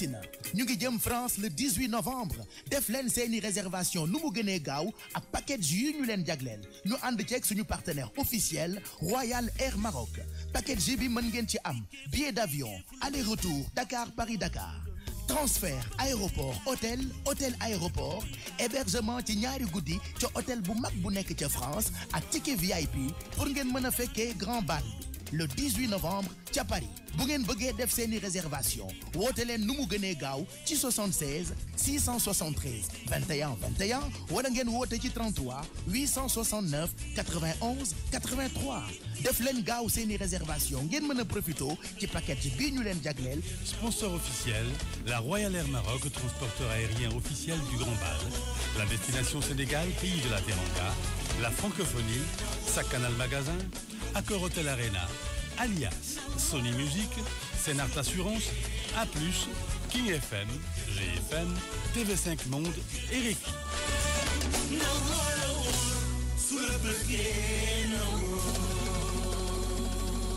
Nous na ñu en France le 18 novembre def C'est une réservation Nous mu gënee à package yu ñu Nous Nous ñu ànd ceeg partenaire officiel Royal Air Maroc package JB bi billet d'avion aller retour Dakar Paris Dakar transfert aéroport hôtel hôtel aéroport hébergement ci ñaari hôtel bu mag France à ticket VIP pour ngeen mën a grand bal le 18 novembre à Paris bu ngeen def réservation woote leen Gao 76 673 21 21 wala ngeen ci 33 869 91 83 def Gao gaaw seeni réservation ngeen mën profito ci paquet sponsor officiel la Royal Air Maroc transporteur aérien officiel du Grand Bal la destination Sénégal pays de la Teranga. La francophonie, sa canal magasin, Accor Hotel Arena, alias Sony Music, Sénart Assurance, A+, King FM, GFM, TV5 Monde et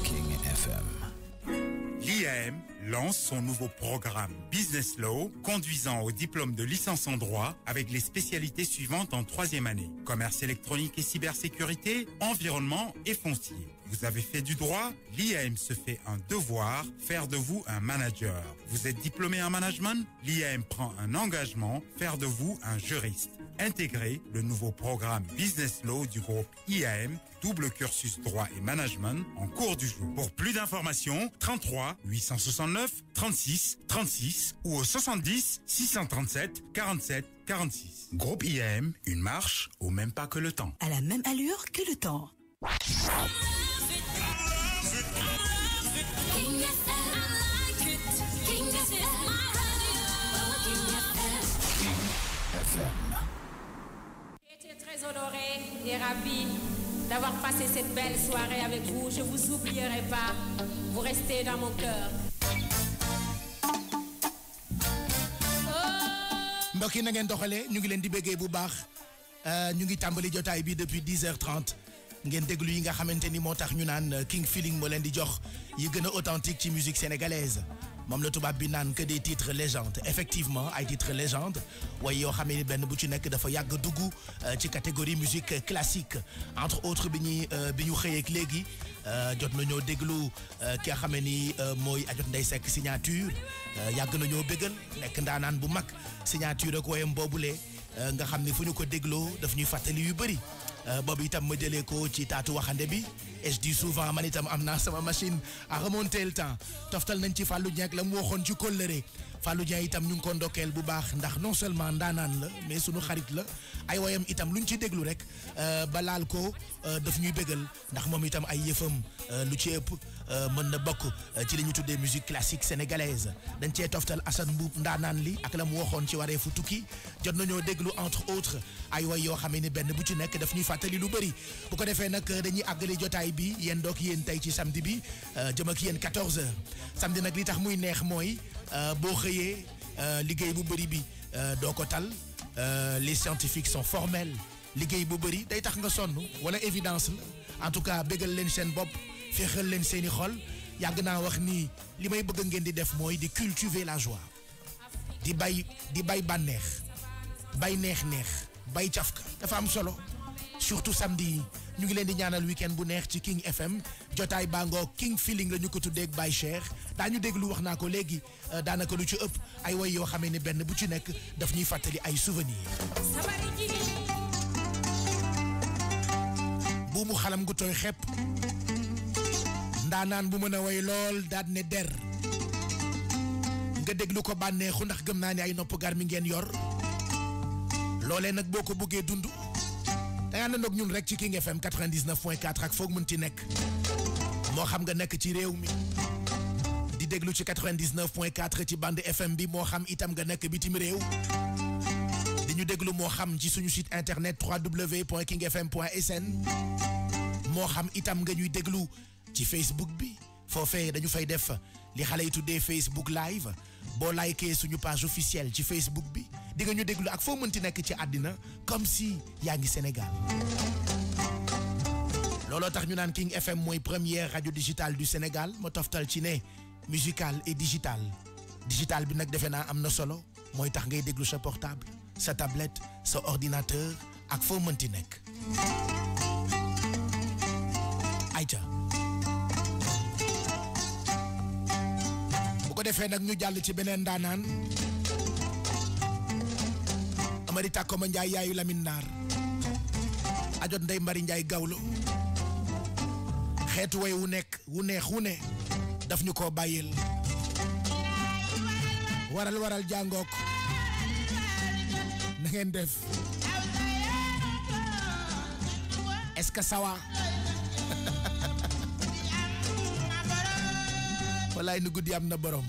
King FM lance son nouveau programme Business Law, conduisant au diplôme de licence en droit avec les spécialités suivantes en troisième année. Commerce électronique et cybersécurité, environnement et foncier. Vous avez fait du droit, l'IAM se fait un devoir, faire de vous un manager. Vous êtes diplômé en management, l'IAM prend un engagement, faire de vous un juriste intégrer le nouveau programme Business Law du groupe IAM, double cursus droit et management en cours du jour. Pour plus d'informations, 33 869 36 36 ou au 70 637 47 46. Groupe IAM, une marche au même pas que le temps. À la même allure que le temps. très honorée et ravie d'avoir passé cette belle soirée avec vous. Je vous oublierai pas. Vous restez dans mon cœur. mbokk yi na ngeen doxalee ñu ngi leen di béggee bu baax euh ñu ngi tambali jotaay bi depuis 10h30 ngeen déglu yi nga xamante ni tax ñu naan euh, King Feeling mo leen di jox yi gëna authentique ci musique sénégalaise moom la tubaab que des titres légendes effectivement ay titres légendes bu ci nek dafa euh, ci catégorie musique classique entre autres bi biñu euh, bi ñu euh, ki signature yag nañu nek ndanan bu signature ak wayam bobulé nga xamni fuñu ko daf ñuy fatali Euh, boobu itam ma jëlee ko ci taatu waxande bi et je souvent man itam am naa sama machine à remonter le temps toftal nañ ci Fallou Dieng la mu waxoon ci kóllëre Fallou itam ñu ngi ko ndokkeel bu baax ndax non seulement ndaanaan la mais sunu xarit la ay woyam itam luñ ci déglu rek euh, ba laal ko euh, daf ñuy bégal ndax moom itam ay yëfam lu ci ëpp. Euh, mën na bokk euh, ci li ñu tuddee musique classique sénégalaise dañ cee toftal Assane Mboup ndaanaan li ak la mu waxoon ci wareefu tukki jot nañoo déglu entre autres ay way yoo xamee ni benn bu ci nekk daf ñuy fàttali lu bëri bu ko defee nag dañuy àggali jotaay bi yéen doog yéen tey ci samedi bi euh, jëm ak yéen 14h samedi nag li tax muy neex mooy boo xëyee liggéey bu bëri bi doo ko tal les scientifiques sont formels liggéey bu bëri day tax nga sonn wala évidence la en tout cas bégal leen seen bopp féexal len seni xol yàgg naa wax ni limay may bëgg ngeen di def moy di cultiver la joie di bay di bay banex bay neex-neex bay tiafka dafa am solo surtout samedi ñu ngi leen di ñaanal week-end bu neex ci King FM jotaay bango King Feeling la ñu ko tuddee ak cher Cheikh ñu déglu wax naa ko léegi euh, daanaka lu ci ëpp ay way yoo xamee ni benn bu ci nekk daf ñuy fàttali ay souvenir bu mu xalam gu toy xepp ndaa naan bu mën a way lool daat ne der nga déglu ko bànneexu ndax gëm naa ni ay nopp gar mi ngeen yor loolee nag boo ko buggee dund da nga àndandoog ñun rek ci King FM 99 point 4 ak foog mën ci nekk moo xam nga nekk ci réew mi di déglu ci 99 ci bande FM bi moo xam itam nga nekk bitim réew di ñu déglu moo xam ci suñu site internet www point kingfm point sn moo xam itam nga ñuy déglu ci Facebook bi foofee dañu fay def li xale Facebook live boo likee suñu page officielle ci Facebook bi di nga ñu déglu ak foo mënti nekk ci comme si yaa ngi Sénégal. looloo tax ñu King FM mooy première radio digitale du Sénégal ma toftal ci musical et digital digital bi nag defe na solo mooy tax ngay déglu sa portable sa tablette sa ordinateur ak foo mënti Aïcha. defee nag ñu jàll ci beneen daanaan Amari Tàkkoma Njaay yaayu Lamin ajot Ndey Mbari Njaay gawlo xeetu way wu nekk wu neex wu ne daf ñu koo bàyyil waral waral jàngook na ngeen def est-ce que ça walaay nu guddi am na borom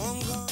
on, us.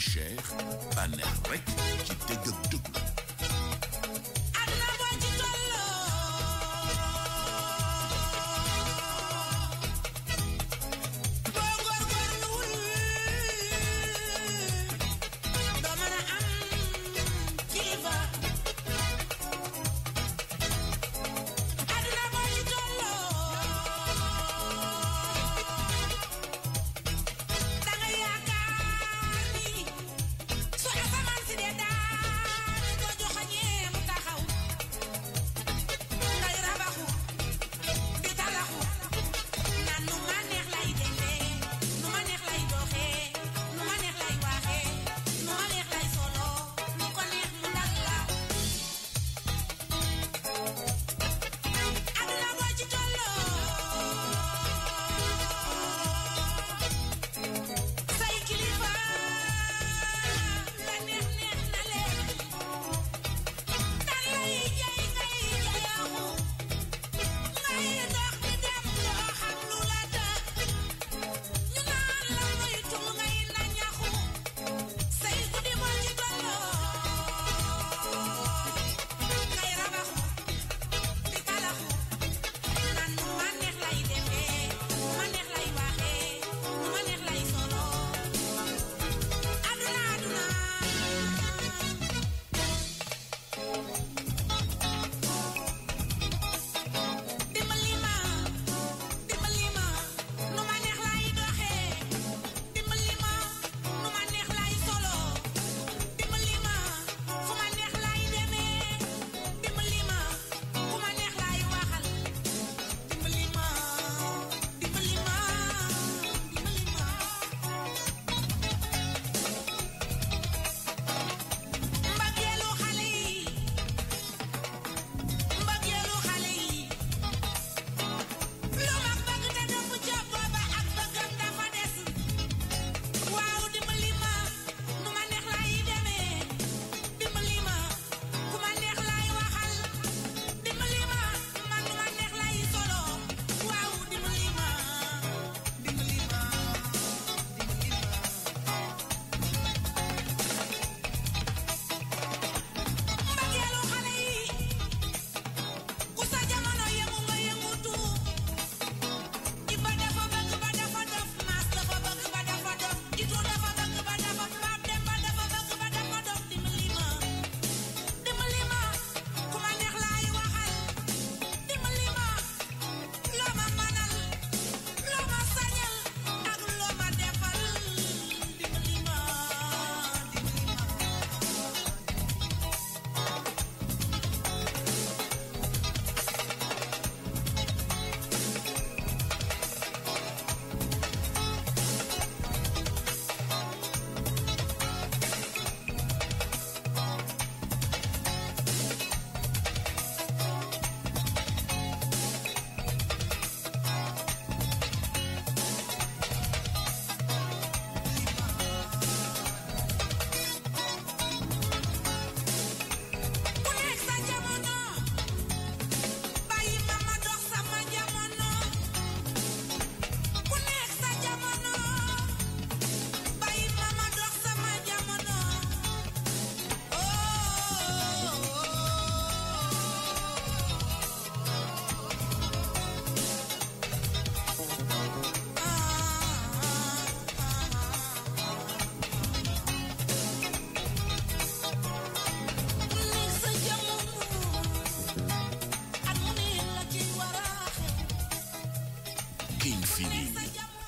Seex Paneer rek ci dëgg dëgg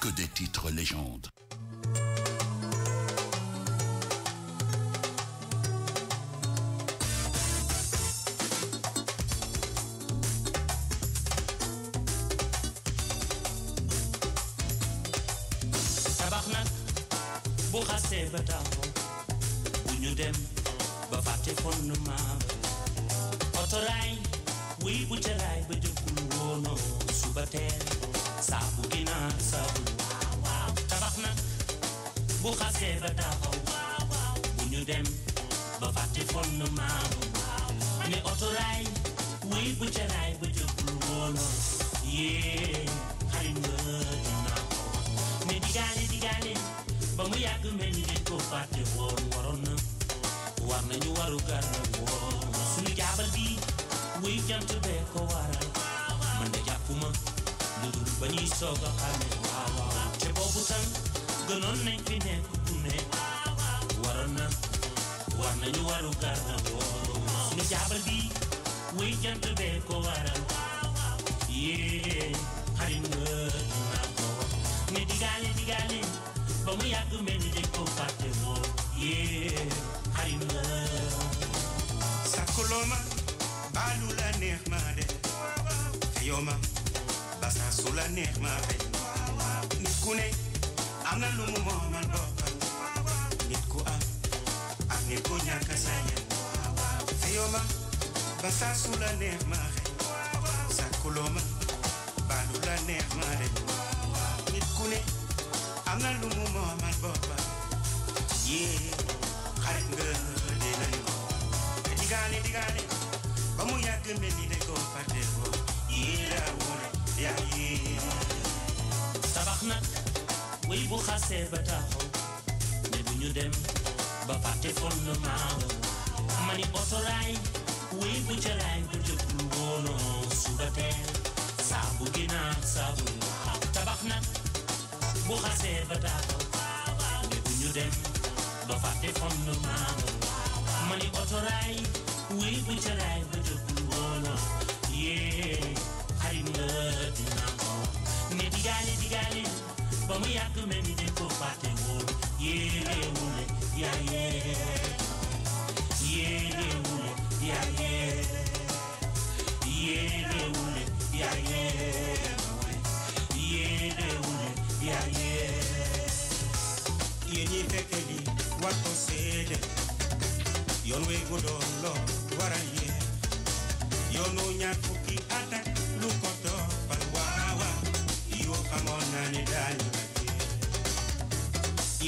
que des titres légendes.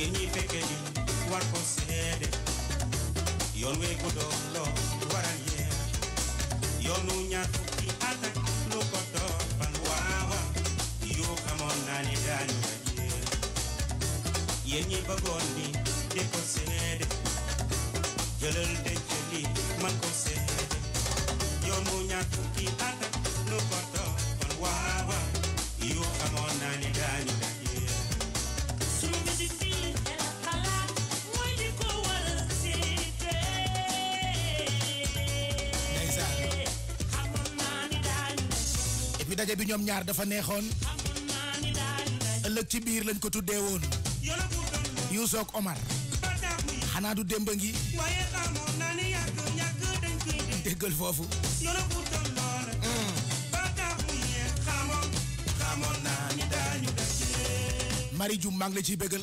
ngir ñi fekke li war ko seede yoon we ko doon loo waral yeer yoonu ñaar fukki at ak lu ko toppan waawa yoo xamoon naa ne daañu la jeer yéen ni de ko seede jëlal denc li man ko seede yoonu ñaar fukki at ak daje bi ñoom ñaar dafa neexoon ëllëg ci biir lañ ko tuddee woon Youssou ak Omar xanaa du démb ngi déggal foofu Marie Dioum maa ngi la ciy bégal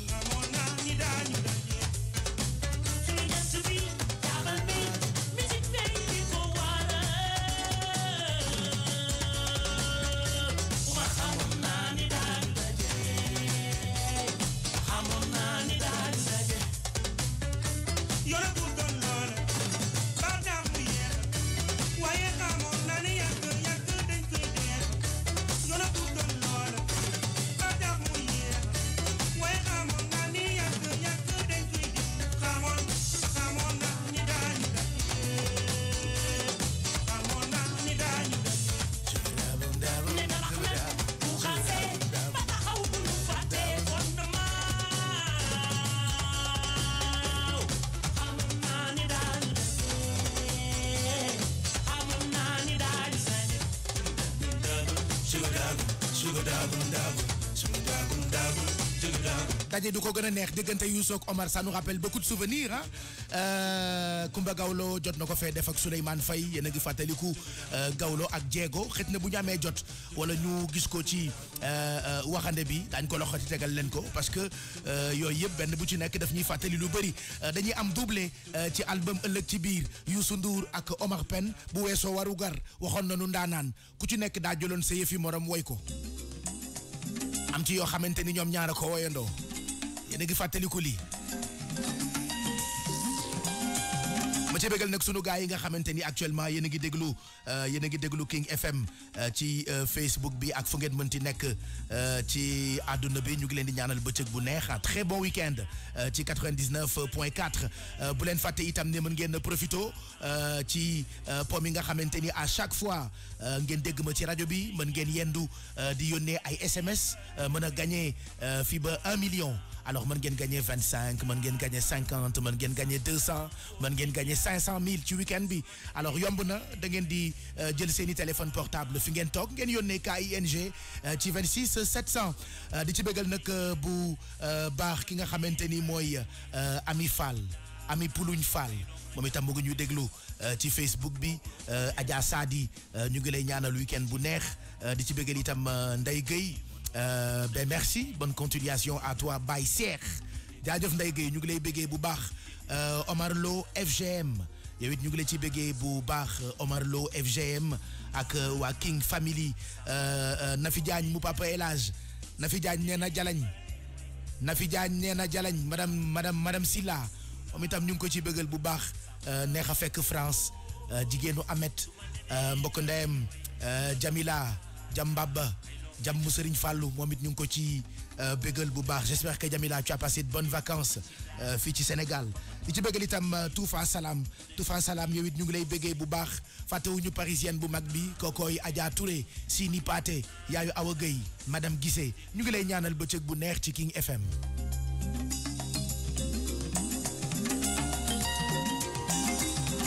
du ko gën neex yusok Omar ça nous rappelle beaucoup de souvenirs ah hein. euh, Kumba Gawlo jot na ko fee def ak Souleymane Faye yéen a euh, ak Diego xëy na jot wala ñu gis ko ci euh, waxande bi daañ ko tegal parce que yo yëpp benn bu ci nekk daf ñuy fàttali lu am doublé ci album ëllëg ci Yusundur ak Omar Pène bu warugar waru gar waxoon na ku ci nekk morom ko am ci yoo yéen a ngi fàttaliku lii ma ci bégal nag sunu gaay yi nga xamante ni actuellement yéen a ngi déglu euh, yéen a ngi déglu King FM euh, ci euh, Facebook bi ak fu ngeen mënti nekk ci àdduna bi ñu ngi leen di ñaanal bëccëg bu neex à très bon week-end ci 99.4 bu leen fàtte itam ne mën ngeen profito ci pom yi nga xamante ni à chaque fois ngeen dégg ma ci rajo bi mën ngeen yendu di yónnee ay SMS mën a gagné fii ba 1 million alors mën ngeen gagne 25, cinq mën gagne 50, cinquante mën gagne 200, 000 cent gagne 500 000. bi alors yomb da euh, téléphone portable fi ngeen toog ngeen yónnee KING euh, ci 26, 700. vous di ci euh, bu ki Ami Fall Ami Fall Mo ci Facebook bi Adja Sadi week-end bu neex di ci euh, ben merci, bonne continuation à toi, Baye Serre jaajëf Ndeye Gueye ñu ngi lay bëggee bu baax euh, Omar Lo FGM yow it ñu ngi la ci bëggee bu baax Omar Lo FGM ak euh, waa King Family euh, Nafi Diagne mu papa Elage Nafi Diagne nee na Jalañ Nafi Diagne Jalañ madame madame madame Silla moom itam ñu ngi ko ci bëggal bu baax neex a fekk France jigéenu Ahmed. mbokk Jamila Jambaba Serigne Fallou momit ñu euh, j'espère que Jamila tu as passé de bonnes vacances euh, fi ci Sénégal Je ci itam euh, Salam Toufa Salam ñu ngi lay bu baax parisienne bu mag bi Adja Touré Sini Paté yaayu Awa madame Guissé ñu ngi lay ñaanal bu neex ci King FM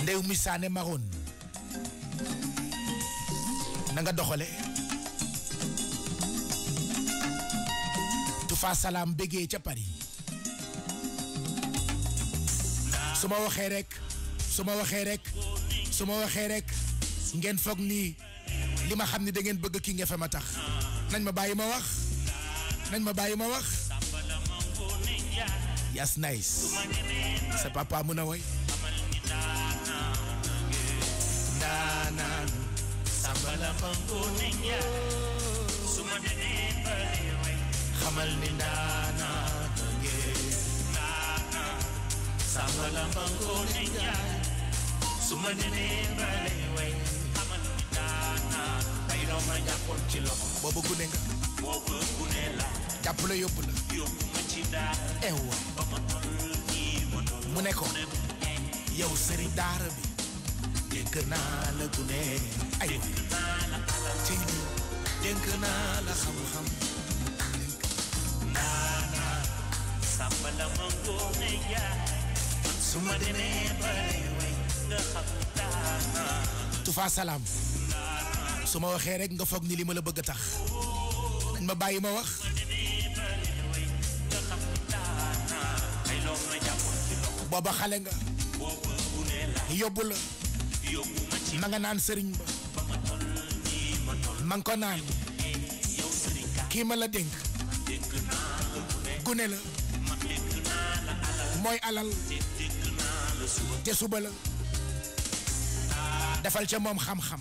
ndew mi nga Moustapha Salam bege ca Paris suma waxe rek suma waxe rek suma waxe rek ngeen foog ni lima xamni da ngeen bëgg ki nga fa ma tax nañ ma bàyyi ma wax nañ ma bàyyi ma wax yes nice sa papa mun a woy sambala pangko ninja sumadene baliw xamal ni ndaanaan a ngeen ndaanaan samba lamba njaay su ma nenee bale way xamal ni ndaanaan day raw ma jàppoon ci loxo boobu gune nga boobu gune la jàpp la yóbbu la yóbbu ma ci daara ewa mu ne ko yow sëriñ daara bi dénk naa la gune ay dénk naa la alal xam nana tufa salam suma waxe rek nga fogg ni li la bëgg tax nañ ma bayyi ma wax xale nga ma nga naan sëriñ ba ma ko naan kii ma la dénk gune la mooy alal te suba la defal ca moom xam-xam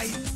ay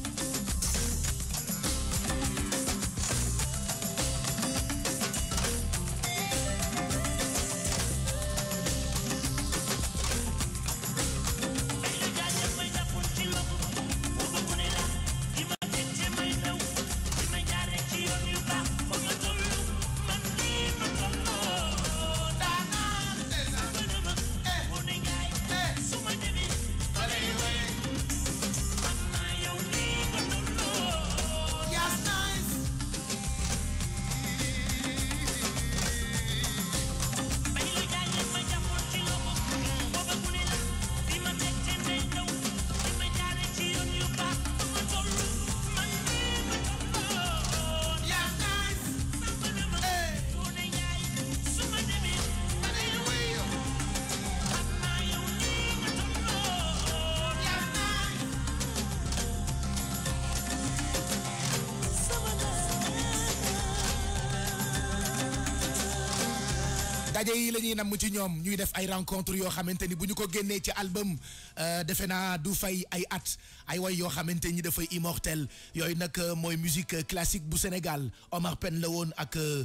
daje yi la ñuy namm ci ñoom ñuy def ay rencontre yo xamanteni buñu ko génnee ci album euh, defe naa du fay ay at ay way yoo xamante ni immortel yoy nak moy musique euh, classique bu Sénégal Omar Pen la woon ak euh,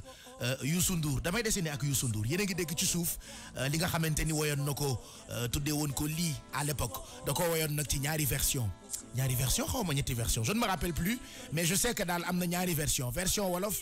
Youssou Ndour damay dessiner ak Youssou Ndour yene a ngi dégg ci souf li nga xamanteni ni nako na won ko li à l'époque da ko woyoon nag ci ñaari version ñaari version xawma ñetti version je ne me rappelle plus mais je sais que dans amna ñaari version version wolof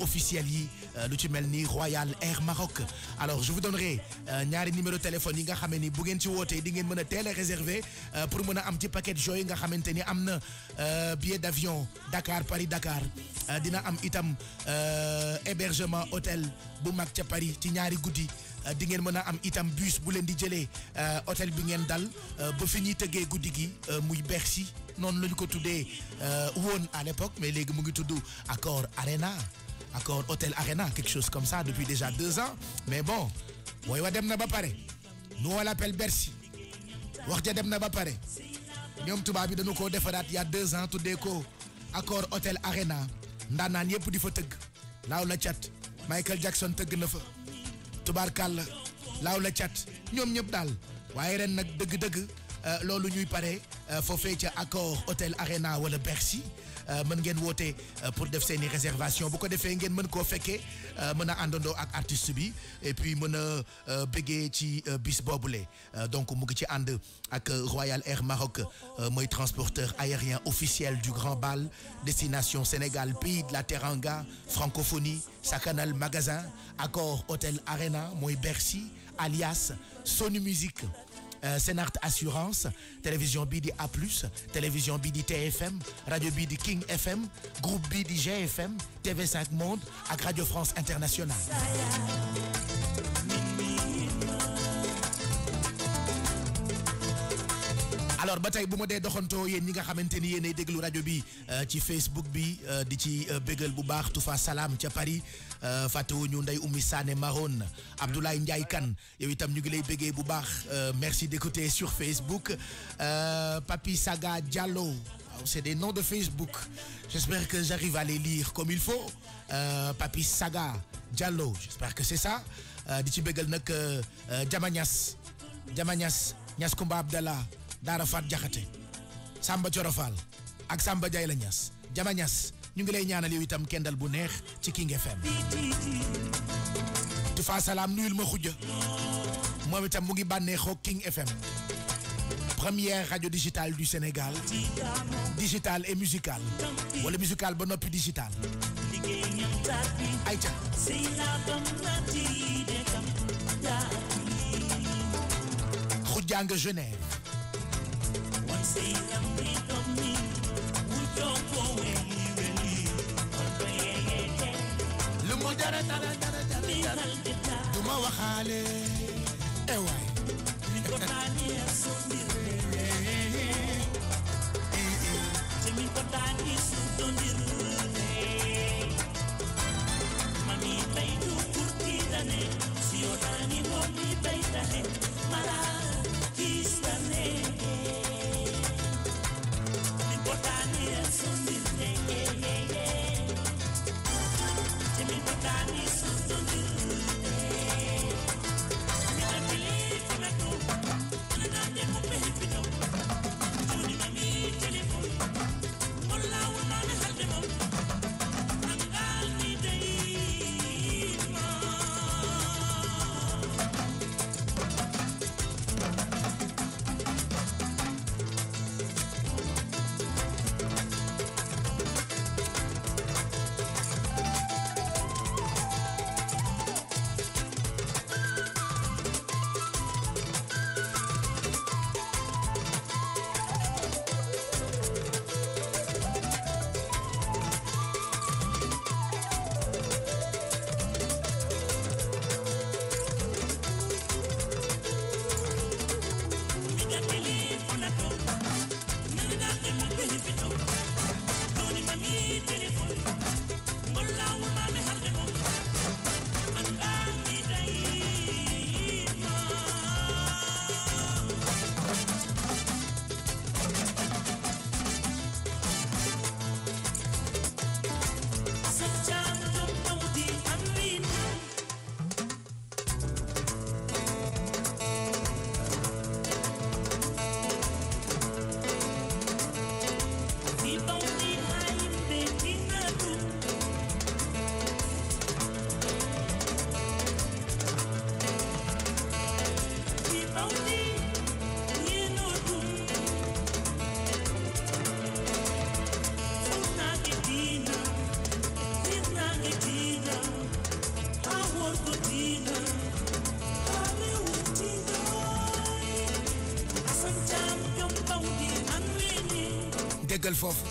officiel yi euh, lu Royal Air Maroc alors je vous donnerai euh, ñaari numéro téléphone yi nga xamee ni bu ngeen ci wootee di réserver euh, pour mën a am ci paquet yooyu nga xamante ni am billet d'avion Dakar Paris Dakar dina am itam hébergement hôtel bu mag Paris ci ñaari di ngeen mën a am itam bus bu leen di jëlee hôtel bi ngeen dal ba fi ñuy tëggee guddi gi muy Bercy noonu lañ ko tuddee woon à l'époque mais léegi mu ngi tudd accord Arena Accord Hotel Arena, quelque chose comme ça, depuis déjà deux ans. Mais bon, nous on l'appelle Bercy. Nous tubaab bi il y a deux ans tout déco. accord hôtel Arena Nous avons di fa on chat, Michael Jackson là, na fa le chat. Nous, on ñoom ñëpp Nous on ren fait Nous euh, ñuy Nous euh, accord hôtel Arena wala Bercy euh, mën ngeen woote euh, pour def seen i réservation bu ko defee ngeen mën koo fekkee euh, mën a àndandoo ak artiste bi et puis mën a bëggee ci bis boobule donc mu ngi ci ànd ak Royal Air Maroc mooy transporteur aérien officiel du Grand Bal destination Sénégal pays de la Teranga francophonie Sacanal magasin Accor hôtel Arena mooy Bercy alias Sony Musique euh, Senart Assurance télévision Bidi A télévision Bidi TFM radio Bidi King FM groupe Bidi GFM TV5 Monde avec Radio France Internationale alors bataille tey bu ma dee doxantoo yéen ñi nga xamante ni yéenay bi euh, ci Facebook bi euh, di ci euh, bégal bu baax Salam ca Paris fatou Ndeye Oumy Sané Marone Abdoulaye Ndiaye kan yow itam ñu ngi lay bu merci d'écouter sur Facebook Papi Saga Diallo c'est des noms de Facebook j'espère que j'arrive à les lire comme il faut Papi Saga Diallo j'espère que c'est ça di ci bégal nag Jama Niass Nias Niass Abdallah Daara fat Jaxate Samba ciorofal ak Samba jay la Ñas Jama Ñas ñu ngi lay ñaanal yow itam kendal bu neex ci King FM fa salam, nuyul ma xujja mom itam mu ngi bànneexoo King FM première radio digitale du Sénégal digital et musical wala musical ba noppi digital. Aïcha xujjaa nga Genève duma waxaale e waay Mami, baby, curtida, né? Se eu dani, vou me beijar, né? Maravilha. déggal foofu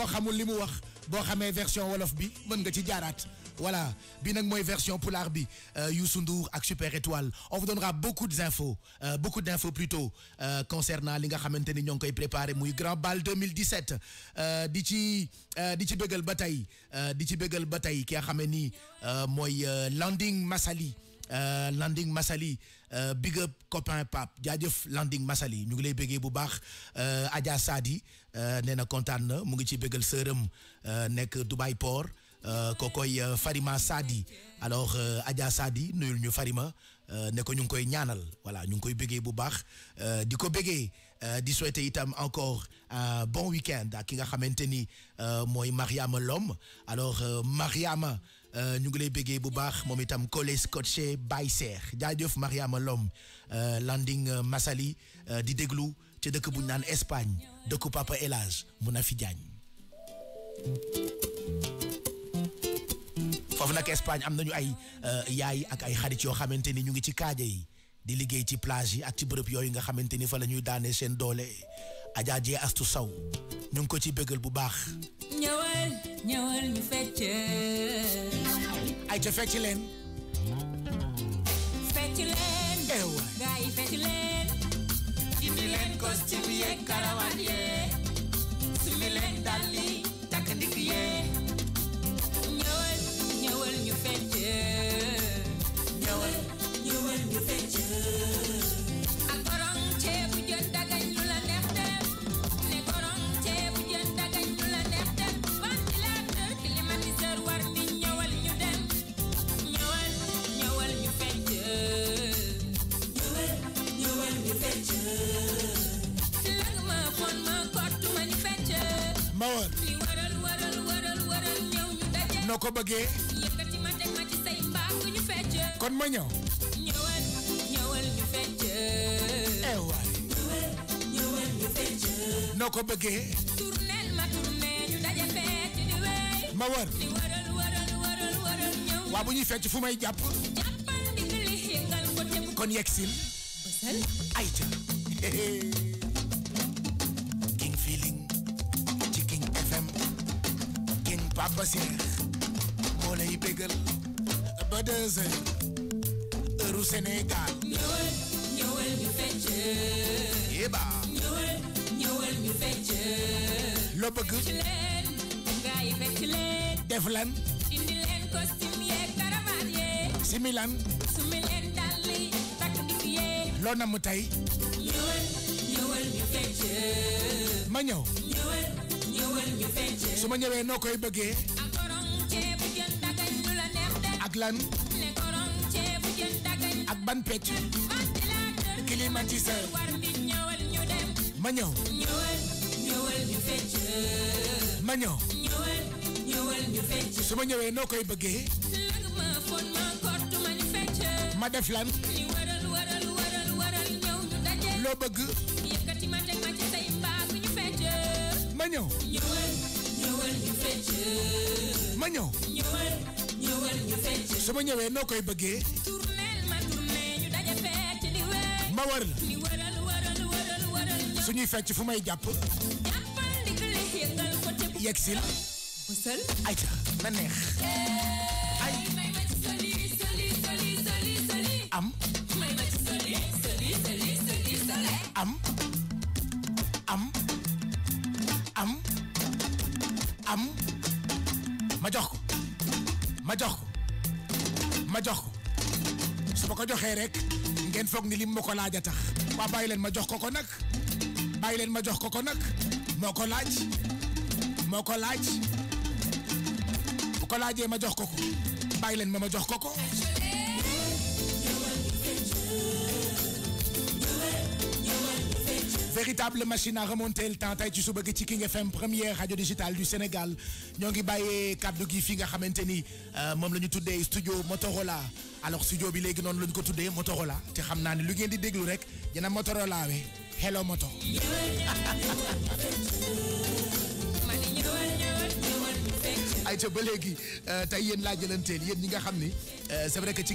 bo xamul limu wax bo xamé version wolof bi mën nga ci jaaraat voilà bi nak moy version pour bi Youssou Ndour ak Super Étoile on vous donnera beaucoup d'infos euh, beaucoup d'infos plutôt euh, concernant li nga xamanteni ñong koy préparer muy grand bal 2017 euh, di ci di ci bëggal ba tey di ci bëggal ba ki nga ni ne Landing Massali euh, Landing Masali, euh, big up copain Pape Landing Masali, ñu ngi lay bu Sadi ngi Dubai Port euh, kokoy Farima Sadi alors Adja Sadi nuyul ñu Farima ne ko ñu koy voilà ñu koy bu encore un bon week-end à ki nga Mariama alors Mariama Euh, ñu ngi lay béggee bu baax moom itam collé scotché bay seex jaajëf Mariama Lom euh, landing euh, Massaly di déglu ci dëkk bu naan Espagne dëkku élage El Hadj fi jaañ foofu nag Espagne am nañu ay yaay ak ay xarit yoo xamante ni ñu ngi ci kaaja yi di liggéey ci plage yi ak ci bërëb yooyu nga xamante ni fa la ñuy daane seen doole Adja Dié Astou ñu ngi ko ci bégal bu baax ñëwal ñëwal ñu fecc Ai te fetilen. Fetilen. Ewa. Gai fetilen. Fetilen kostilie karawandie. ko bëggee kon ma ñëw ñëwal ñëwal ñu fecc eh waay ñëwal ñëwal ñu fecc noo ko bëggee tournel ma tourné ñu daje fecc di wéy ma wër di wëral wëral wëral wëral ñëw waa bu ñuy fecc fu may jàpp jàppal ndig li yëngal ko jëm kon yegsil bësal ay ca king feeling ci king fm king papa seer yëngal ba deux heures Sénégal. ñëwal ñëwal ñu fecc. yéba. Eh ñëwal ñëwal ñu fecc. loo bëgg. fecc leen yi fecc def lan. indi leen costume yeeg karamaan yeeg. simi lan. sumi yi takk digg yeeg. loo namm tey. ñëwal ñëwal ñu fecc. ma ñëw. ñëwal ma ñëwee noo koy bëggee. ak lan ak ban pecc climatiseur ma ñëw ma ñëw su ma ñëwee noo koy bëggee ma def lan loo bëgg ma ñëw ma ñëw su ma ñëwee noo koy bëggee. ma wër su ñuy fecc fu may jàpp. yegg si la. ayca na neex. waxee rek ngeen foog ni lim ma ko laaj a tax waa bàyyi leen ma jox ko ko nag bàyyi leen ma jox ko ko nag moo ko laaj moo ko laaj bu ko laajee ma jox ko ko leen ma ma jox ko ko. véritable machine à remonter le temps tey tu suba gi ci King FM première radio digitale du Sénégal ñoo ngi bàyyee Cap de fi nga xamante ni euh, moom la studio Motorola alors studio bi léegi non le Today ko Motorola te xam naa ne lu ngeen di déglu rek Motorola hello moto. Aïe tu es tey yéen la jëlanteel yéen ñi nga xam euh, c'est vrai que ci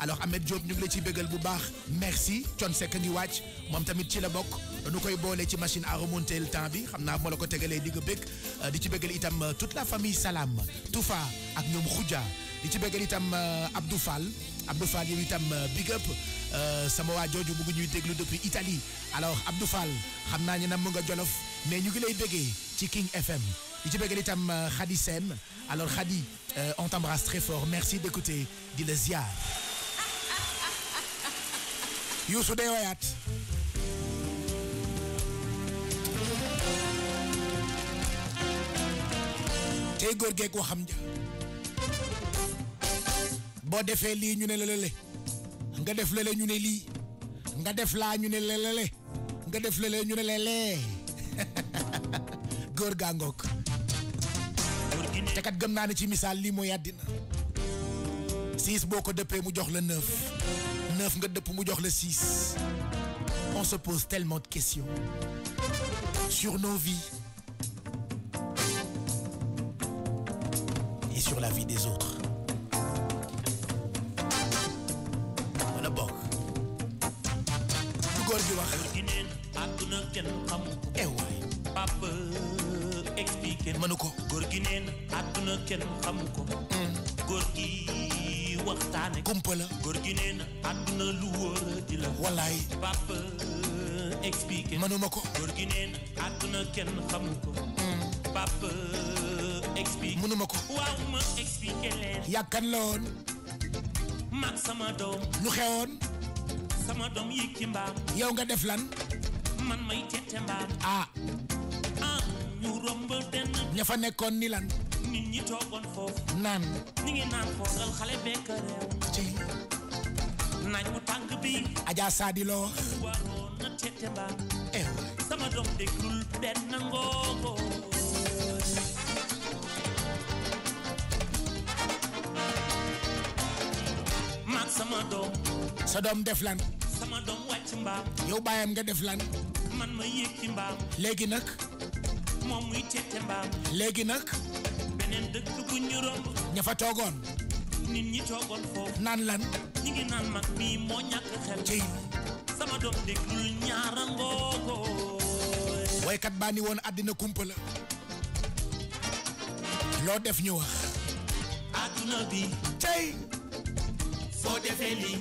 alors Ahmed Diop ñu ngi la ci bégal bu baax merci Thione Seck ngi wàcc moom tamit ci la bokk dañu koy boole ci machine à remonter le temps bi xam naa moo la ko tegalee di nga bég di ci bégal itam euh, toute la famille Salam Toufa ak ñoom Khoudia di ci bégal itam euh, Abdou Fall Abdou Fall yow itam euh, big up sama waa jooju mu ñuy déglu depuis Italie alors Abdou Fall xam naa ñu ne nga Jolof mais ñu ngi lay béggee ci King FM di ci bégal itam Khady alors Khady on t'embrasse très fort merci d'écouter di la ziar. Youssou day wayaat tey góor geeg waxam ja boo defee lii ñu ne lëlële nga def lële ñu ne lii nga def laa ñu ne lëlële nga def lële ñu ne lëlee góor gaa ngoog te kat gëm naa ne ci misaal lii mooy àddina siis boo ko dëppee mu jox la neuf neuf nga depp mu jox le 6. on se pose tellement de questions sur nos vies et sur la vie des autres wala bokk du góor gi wax àdduna kenn xamu eh way. papa expliqué Manuko. ko góor gi neen àdduna kenn xamu ko hmm. góor gi waxtaane kumpa la lu wóor di la ko góor gi nee na àdduna kenn xamu ko mm. papa expliqué mënuma ko waaw yow nga def lan man may ah. romb denn ña fa nekkoon ni lan nit ñi toogoon foofu naan ñi ngi naan foogal xale bekk réew ci naaj mu tàng bi Adja Sadi Lo waroon na tete ba sama doom déglul benn ngoogo sama doom def lan sama doom wàcc mbaam yow bàyyam nga def lan man ma yéeg ci mbaam léegi nag moom muy tete mbaam léegi nag beneen dëkk bu ñu romb ña fa toogoon nit ñi toogoon foofu naan lan ñi ngi naan mag mi moo ñàkk xel ci sama doom déglul ñaara ngoogo waykat baa ni woon àddina kumpa loo def ñu wax àdduna bi tey foo defee lii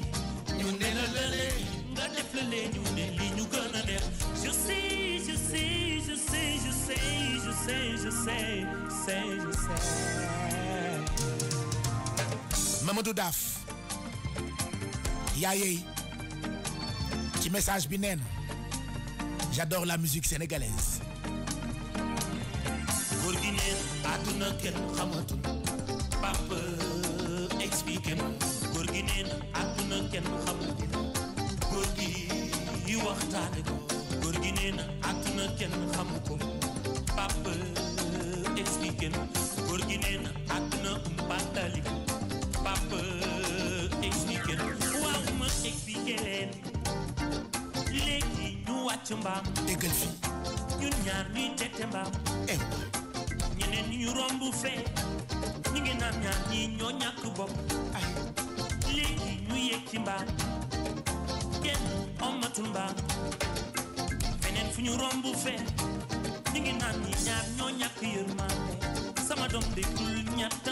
ñu ne la lële ñu ne li ñu gën a neex je sais sais, je sais, je sais, je Mamadou Daf, Yaye, petit message binen. J'adore la musique sénégalaise. Gourguiné, aduna ken xamatul. Papa, expliquez-moi. Gourguiné, aduna ken xamatul. Gourgui, waxtaane ko. Gourguiné, aduna ken xamu ko. papa expliqué na góor na àdduna um mbàttaliku papa expliqué na waaw ma expliqué leen léegi ñu wàcc mbaam déggal fi ñun ñaar ñuy tette mbaam eh. ñeneen ñu romb fee ñu ngi naan ñaar ñi ñoo ñàkk bopp léegi ñu yéeg ci mbaam kenn ommatul mbaam feneen fu ñu romb fee ñi ngi naan ñi ñaar sama du jour nga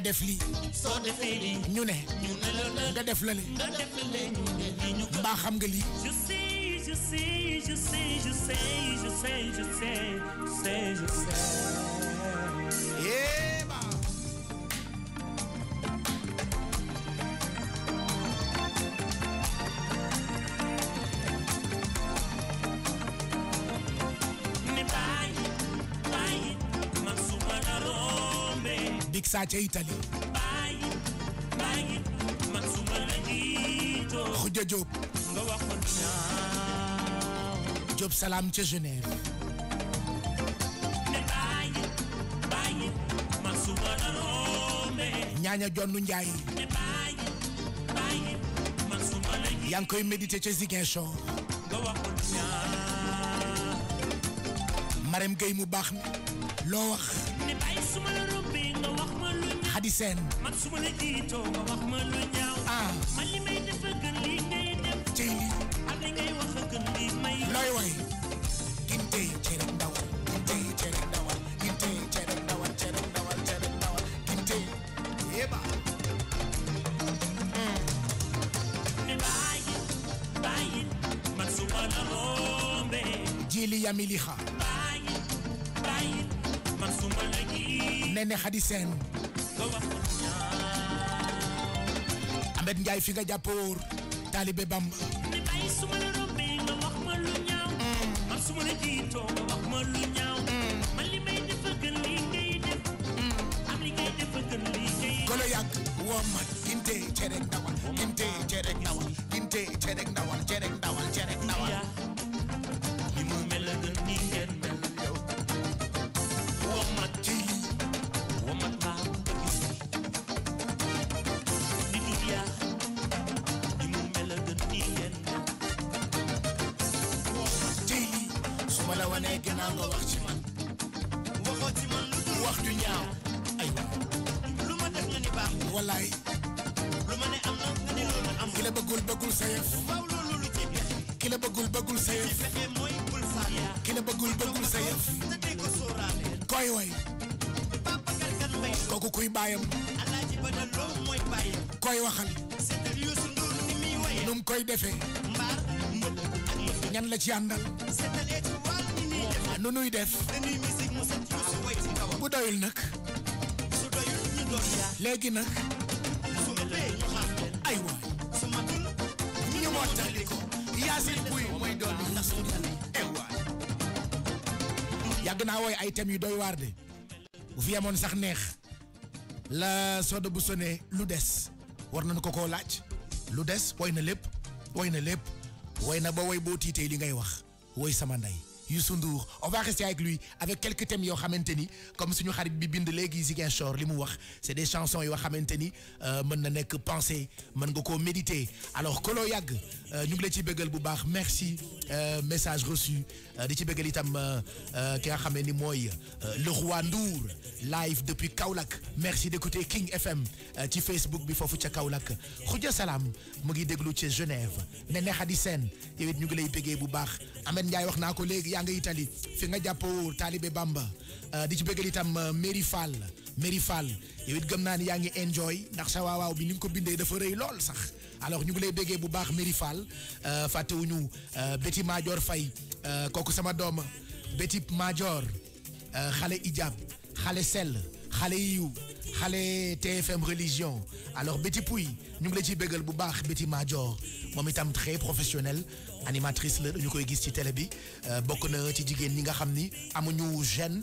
def def je sais je sais je sais je sais je sais je sais Barça ca Italie Khoudia Diop Diop Salam ca Genève ñaaña jonnu Njaay yaa ngi koy méditer ca Ziguinchor Marème Gueye baax mi loo wax di seen ah cey mm. nene hadisen Ahmed Ndiaye fii nga jàpp wóor taalibe Bamba ci àndal nu nuy def bu doyul nag léegi nag ay waay ñu mottali ko yaasin buy mooy doon yàgg naa wooy ay thèmes yu doy waar de bu fi yemoon sax neex la sodo bu sonné lu des war nañu ko koo laaj lu des woy na lépp woy na lépp woy na ba woy boo tiitee li ngay wax woy sama ndey Youssou Ndour on va rester avec lui avec quelques thèmes yo xamanteni comme suñu xarit bi bind léegi Ziguinchor li mu wax c'est des chansons yo xamanteni euh mën na nek penser mën nga ko méditer alors ko yag euh, ñu ngi la ci bëggal bu baax merci euh, message reçu euh, di ci bëggal itam ki nga xamé ni moy le roi Ndour live depuis Kaolack merci d'écouter King FM ci Facebook bi fofu ci Kaolack Khoudia Salam mu ngi déglu ci Genève né né Khady Sène yow ñu ngi lay bëggee bu baax Amène Ndiaye wax naa ko léegi nga Italie fi nga jàppoo Talibé Bamba euh, di ci bëggal itam euh, Mary Fall Mary Fall yow it gëm naa ni yaa ngi enjoy ndax sa waawaaw bi ni nga ko bindee dafa rëy lool sax alors ñu ngi lay bëggee bu baax Mary Fall euh, fàttewuñu Betty Madior Faye kooku sama dooma Betty Madior xale Ijab xale Sell xale yiw xale TFM religion alors beti Pouy ñu ngi la ciy bégal bu baax Betty Madior moom itam très professionnel animatrice la dañu koy gis ci télé bi euh, bokk na ci jigéen ñi nga xam ni amuñu jeune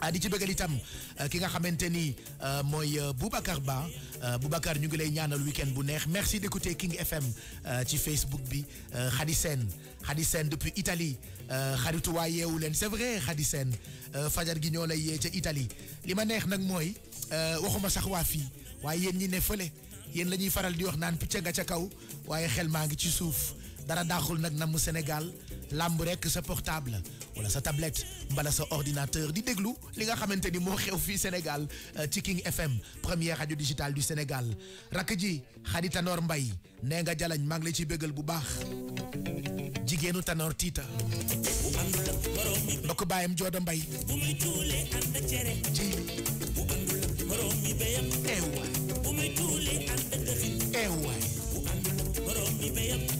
Ah, di ci bëggal itam euh, ki nga xamante ni euh, mooy euh, Boubacar Ba Boubacar ñu ngi lay ñaanal week-end bu neex merci d'écouter King FM ci Facebook bi Khady Sène Khady seen depuis itali xaritu waa yeewu leen c'est vrai Khady Sène fajar gi ñoo lay yee ca itali li ma neex nag mooy waxuma sax waa fii waaye yéen ñi ne fële yéen la ñuy faral di wax naan picc nga ca kaw waaye xel maa ngi ci suuf dara daaxul nag namm Sénégal làmb rek sa portable wala sa tablette mbala sa ordinateur di déglu li nga xamanteni mo xew fi Sénégal euh, ci FM première radio digitale du Sénégal rak ji Normbay, nor mbay ne nga jalañ maa li ci ciy bu baax jigéenu Tanor Tiita ndokk baayam jooda Mbaye ji eewaay bayam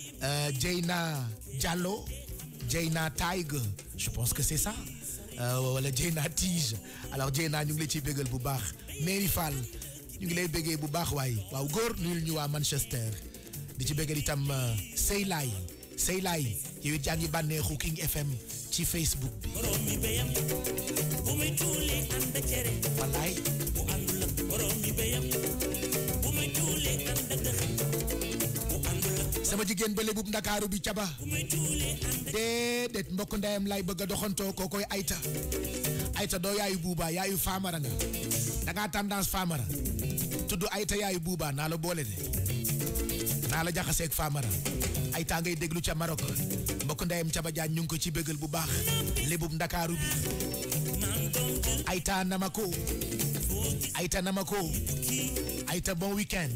euh, Jaina Diallo, Jaina Tiger, je pense que c'est ça. Euh, Jaina Tige alors Jaina nous ngi la ciy bégal Mary Fall ñu ngi lay bu baax nous Manchester nous ci béggal itam euh, FM sur Facebook sama jigéen ba lébub ndakaaru bi caba déedéet mbokk ndeyam lay bëgg a doxantoo koo koy ayta ayta doo yaayu buuba yaayu faamara nga dangaa tendance faamara tudd ayta yaayu buuba naa la boole de naa la jaxaseeg faamara ayta ngay déglu ca Maroc mbokk ndeyam caba jaan ñu ngi ko ci bëggal bu baax lébub ndakaaru bi ayta nama ayta nama ayta bon weekend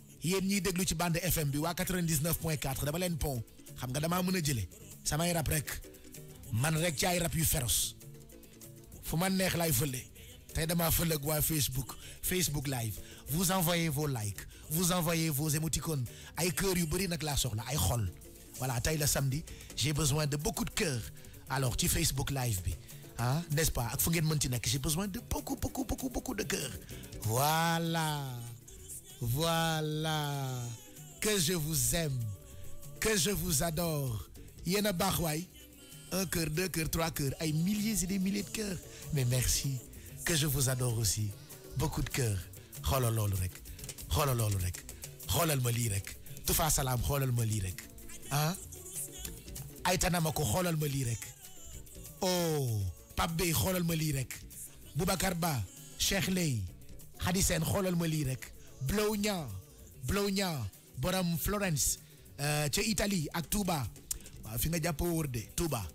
Il y déglu ci bande FM bi à 99.4, dama leen pon xam nga dama mën a jële samay rap rek man rek ci ay rap yu féroce fu man neex lay feulé tay dama feulé ak Facebook Facebook live vous envoyez vos likes vous envoyez vos émoticônes ay cœur yu bari nak la soxla ay xol voilà tay le samedi j'ai besoin de beaucoup de cœur alors ci Facebook live bi ah, n'est-ce pas j'ai besoin de beaucoup beaucoup beaucoup beaucoup de cœur voilà. Voilà. Que je vous aime. Que je vous adore. Yena Un cœur, deux cœurs, trois cœurs. Aïe, milliers et des milliers de cœurs. Mais merci. Que je vous adore aussi. Beaucoup de cœurs. Xoolal loolu rek. Xoolal loolu rek. Xoolal ma rek. Toufa Salam ah? Aïtana ma ko rek. oh Pape Bey xoolal ma rek. Boubacar Cheikh Ley. ñaa Bologna Bologna borom Florence eh, ca Italie ak Touba waaw fi nga jàpp wóor de Touba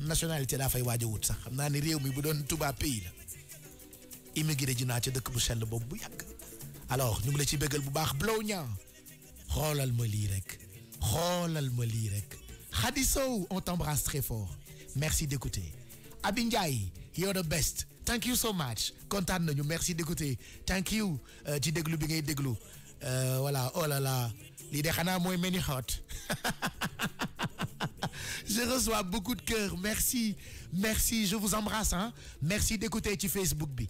nationalité daa fay waaj a wut sax xam naa ni réew mi bu doon Touba pays la immigré ji naa ca dëkk bu sell boobu bu yàgg alors ñu ngi la ci bëggal bu baax Bologna xoolal ma lii rek xoolal ma lii rek Khady on t'embrasse très fort merci d'écouter Abi Ndiaye you're best thank you so much kontaan nañu merci d'écouter thank you euh, ci déglu bi ngay déglu euh, voilà oh là là li de xana moy many hot je reçois beaucoup de cœur merci merci je vous embrasse hein merci d'écouter ci Facebook bi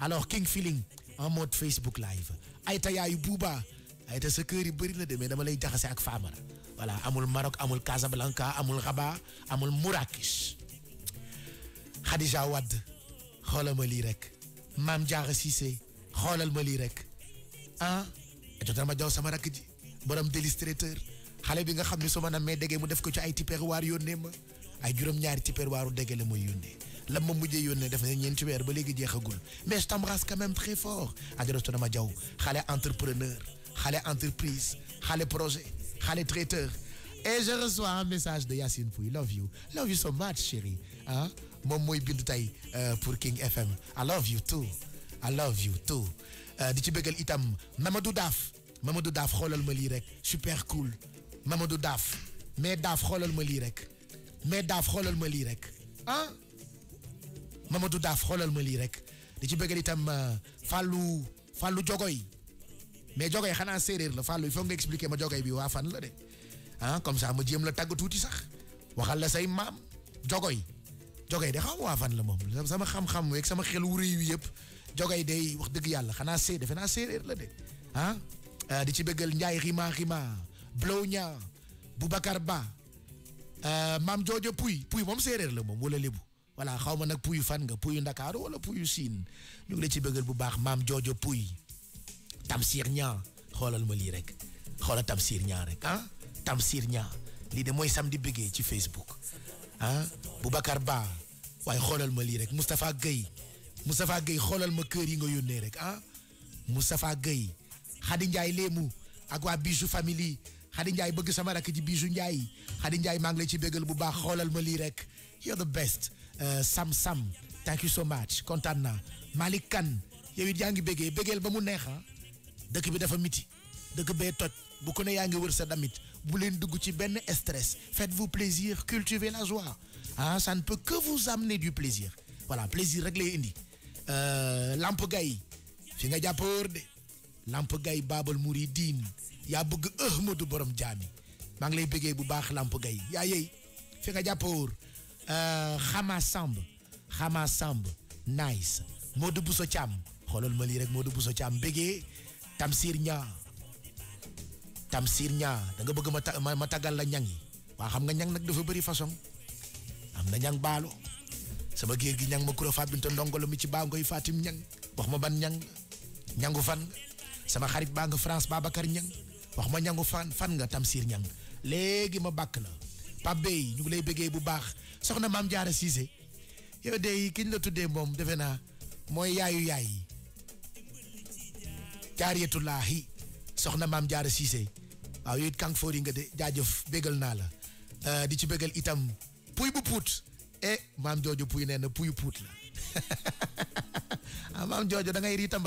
alors King Feeling en mode Facebook live ayta yaayu bouba ayta sa cœur yi bari na demee dama lay jaxase ak Famara voilà amul Maroc amul Casablanca amul Rabat amul Marrakech Khadija Wade xoolal ma lii rek maam jaaxa Cissé xoolal ma lii rek ah jotal ma jaw sama rakk ji borom délice traiteur xale bi nga xam ne su ma mais dégee mu def ko ci ay tipeer waar yónnee ma ay juróom-ñaari tipeer waaru dégee la mooy yónnee la ma mujjee yónnee def na ñeenti weer ba léegi jeexagul mais je t'embrasse quand même très fort ajaratu dama jaw xale entrepreneur xale entreprise xale projet xale traiteur Et je reçois un message de Yacine Pouy. Love you. Love you so much, chérie. Hein? Mon euh, pour King FM. I love you too. I love you too. Euh, Dit itam Mamadou Daaf. Mamadou super cool. Mamadou Daf. mais daf xoolal ma mais daf Je hein? Mamadou itam euh, Fallou Fallou mais il faut expliquer ah comme ça ma jéem la tàgg tuuti sax waxal la say maam jogoy jogoy de xaw waa fan la moom sama xam-xam yeeg sama xel wu rëy wi yëpp jogoy de wax dëgg yàlla xanaa see defe naa séeréer la de ah, ah di ci bëggal Ndiaye Rima Rima Blownia Boubacar Ba ah, maam joojo Puy Puy moom séeréer la moom wala lébu voilà xaw ma nag Puy fan nga Puy Ndakaaru wala Puy Siin ñu ngi la ci bëggal bu baax maam joojo Puy Tamsir ñaa xoolal ma lii rek xoolal Tamsir ñaa rek ah. Tamsirnya, Nia lii de moy samedi bege ci Facebook ah Boubacar Ba way xolal ma li rek mustapha gay mustapha Guèye xolal ma keur yi nga yónnee rek ah mustapha gay, khadi ndjay lemu ak wa Bijou Family khadi ndjay beug sama rak ci Bijou ndjay khadi ndjay mang lay ci begal bu baax xolal ma li rek you're the best euh, Sam Sam thank you so much contana Malikan, kan yow it yaa ngi béggee ba mu neex dekk bi dafa miti dekk be toj bu ko ne yaangi damit stress faites-vous plaisir cultivez la joie ah, ça ne peut que vous amener du plaisir voilà plaisir réglé. lay euh, lampe gaï. gay fi nga jàppoor de lamp gay baabal muridin borom jami maa lay euh, samb samb nice Modou Bousso cham, xoolal mali rek Modou Tamsir tamsirnya da nga bëgg ma ma tagal la ñangi yi xam nga ñang nak dafa bari façon am na ñang balu sama geer gi ñang ma mi ci ba ngoy fatim ñang wax ma ban ñang ñangu fan sama xarit ba nga france babakar ñang wax ma ñangu fan fan nga tamsir ñang legi ma bak la pabey ñu lay bëggee bu baax soxna mam jaara cisé yow de kiñ la tuddé mom defé na moy yaayu yaayi soxna mam jaara cisé waaw yooyu it kàng nga de jaajëf bégal naa la euh, di ci bégal itam puy bu puut e eh, maam jooju puy nee na puy puut la ah maam jooju da ngay ne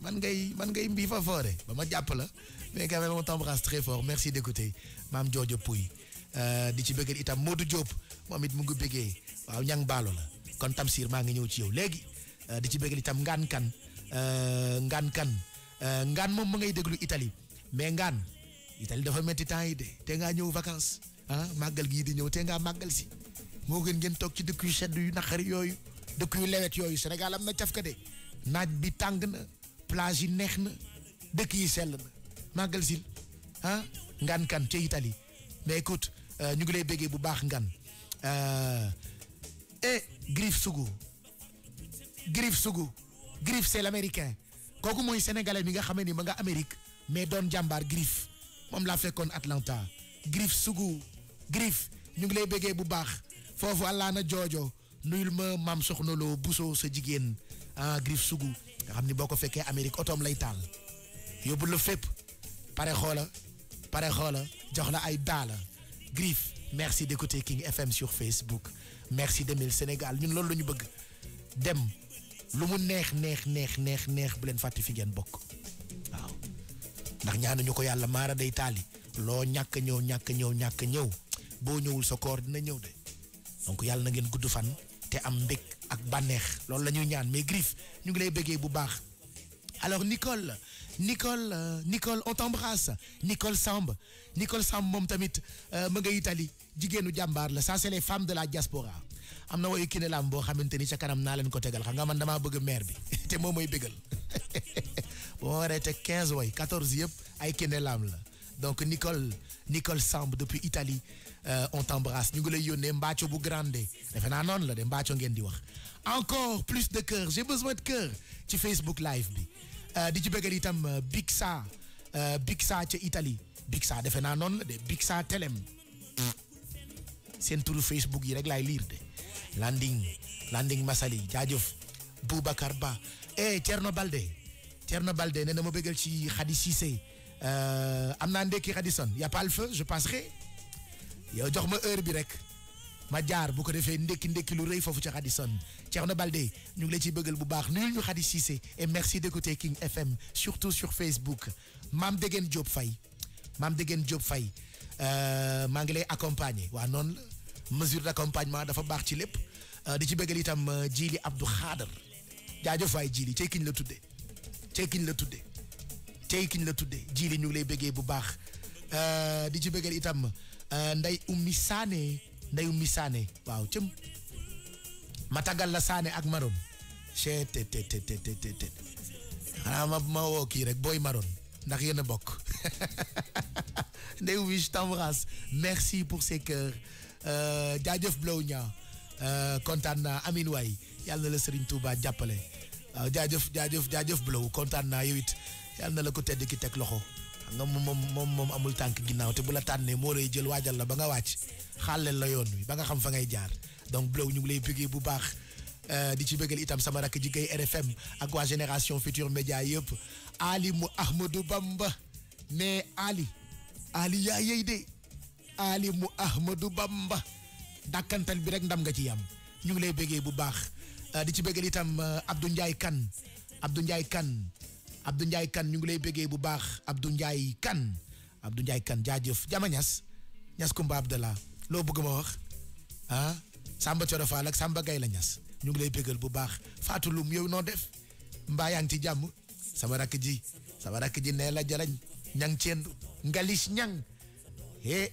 man ngay man ngay mbi fa foore ba ma jàpp la mais quand même on t'embrasse très fort merci d'écouter maam jooju puy euh, di ci bëggal itam Modou job. moom it mu ngi bëggee waaw ñang baalo la kon Tamsir maa ngi ñëw ci yow léegi euh, di ci bëggal itam ngaan kan ngaan kan ngaan moom ma ngay déglu Italie mais ngaan Italie dafa métti temps yi de te ngaa ñëw vacances ah, màggal gii di ñëw te nga màggal si moo gën ngeen toog ci dëkk yu sedd yu naqari yooyu dëkk yu lewet yooyu Sénégal am na cafka de naaj bi tàng na plage yi neex na dëkk yi sell na màggal si ah ngan kan ca Italie mais écoute euh, ñu ngi lay béggee bu baax ngan et euh, eh, Griff Sougou Griff Sougou Griff c'est l'américain kooku mooy sénégalais yi nga xamee ni ma nga Amérique mais doon jàmbaar Griff l'a fait Atlanta Griff Sougou Griff nous ngi lay beaucoup. bu baax foofu na Nous nuyul ma soxna lo sa ah Sougou nga lay la fep paré xola paré xola ay merci d'écouter King FM sur Facebook merci d'aimer le Sénégal Nous loolu bëgg dem lu neex neex neex neex neex bu ndax alors Nicole Nicole euh, Nicole on t'embrasse Nicole Samb Nicole Samb moom tamit euh, la ça c'est les femmes de la diaspora am na Lam boo kanam naa leen ko tegal man bi te te 15 way 14 yëpp ay Lam la donc Nicole Nicole Samb depuis Italie euh, on t'embrasse ñu ngi lay yónnee mbaaco bu grande la di encore plus de cœur j'ai besoin de cœur ci Facebook live bi euh, di ci bëggal itam euh, Big Bixa ca Italie Bixa defe naa noonu la de Telem seen Facebook yi rek laay lire Landing Landing masali, jaajëf Boubacar Ba eh Tierno Balde Tierno Balde nee na ma ci euh, y a pas le feu je passerai Y a ma heure bi rek ma jaar bu ko defee ndekki ndekki lu rëy ci Balde ñu ngi lay ci bu et merci d'écouter King FM surtout sur Facebook Mam Degen job Faye Mam Degen Diop Faye Manglé Accompagne, euh, lay accompagner mesure d'accompagnement dafa baax ci lépp euh, di ci bëggal itam euh, Jili Abdou Khader jaajëf waay Jili la tudde cey la tudde cey la tuddee Jili ñu lay bëggee bu baax euh, di ci bëggal itam Ndey Ummi Saane Ndey Ummi Saane waaw cëm ma taggal la Saane ak Maroon chet te te te te xanaa ma ma kii rek booy Maroon ndax yéen a bokk Ndey Ummi je t'embrasse merci pour ces Euh, jaajëf Blow ñaa euh, kontaan naa amin waay yàlla na la Serigne Touba jàppale waaw euh, jaajëf jaajëf jaajëf Blow kontaan naa yow na la ko tedd ki teg loxo xam moom moom moom amul tànk ginnaaw te bu la tànnee moo lay jël waajal la ba nga wàcc xàlleel la yoon wi ba nga xam fa ngay jaar donc Blow ñu ngi lay bëggee bu baax di ci bëggal itam sama rakk ji gay RFM ak waa génération Futur Média yëpp Ali mu Ahmadou Bamba ne Ali Ali yaa yey de Ali Mu ahmadu bamba dàkkantal bi rek ndam nga ci yam ñu ngi lay béggee bu baax euh, di ci béggee itam euh, abdou ndiaye kan abdou ndiaye kan abdou ndiaye kan ñu ngi lay béggee bu baax abdou ndiaye kan abdou ndiaye kan jaajëf jama ñas ñas kumba abdallah lo bëgg ma wax ah samba coro faal ak samba gay la ñas ñu ngi lay béggal bu baax fatou lum yow no def mba yaang ci jamm sama rakk ji sama ji neela ñang ciendu ngalis ñang he.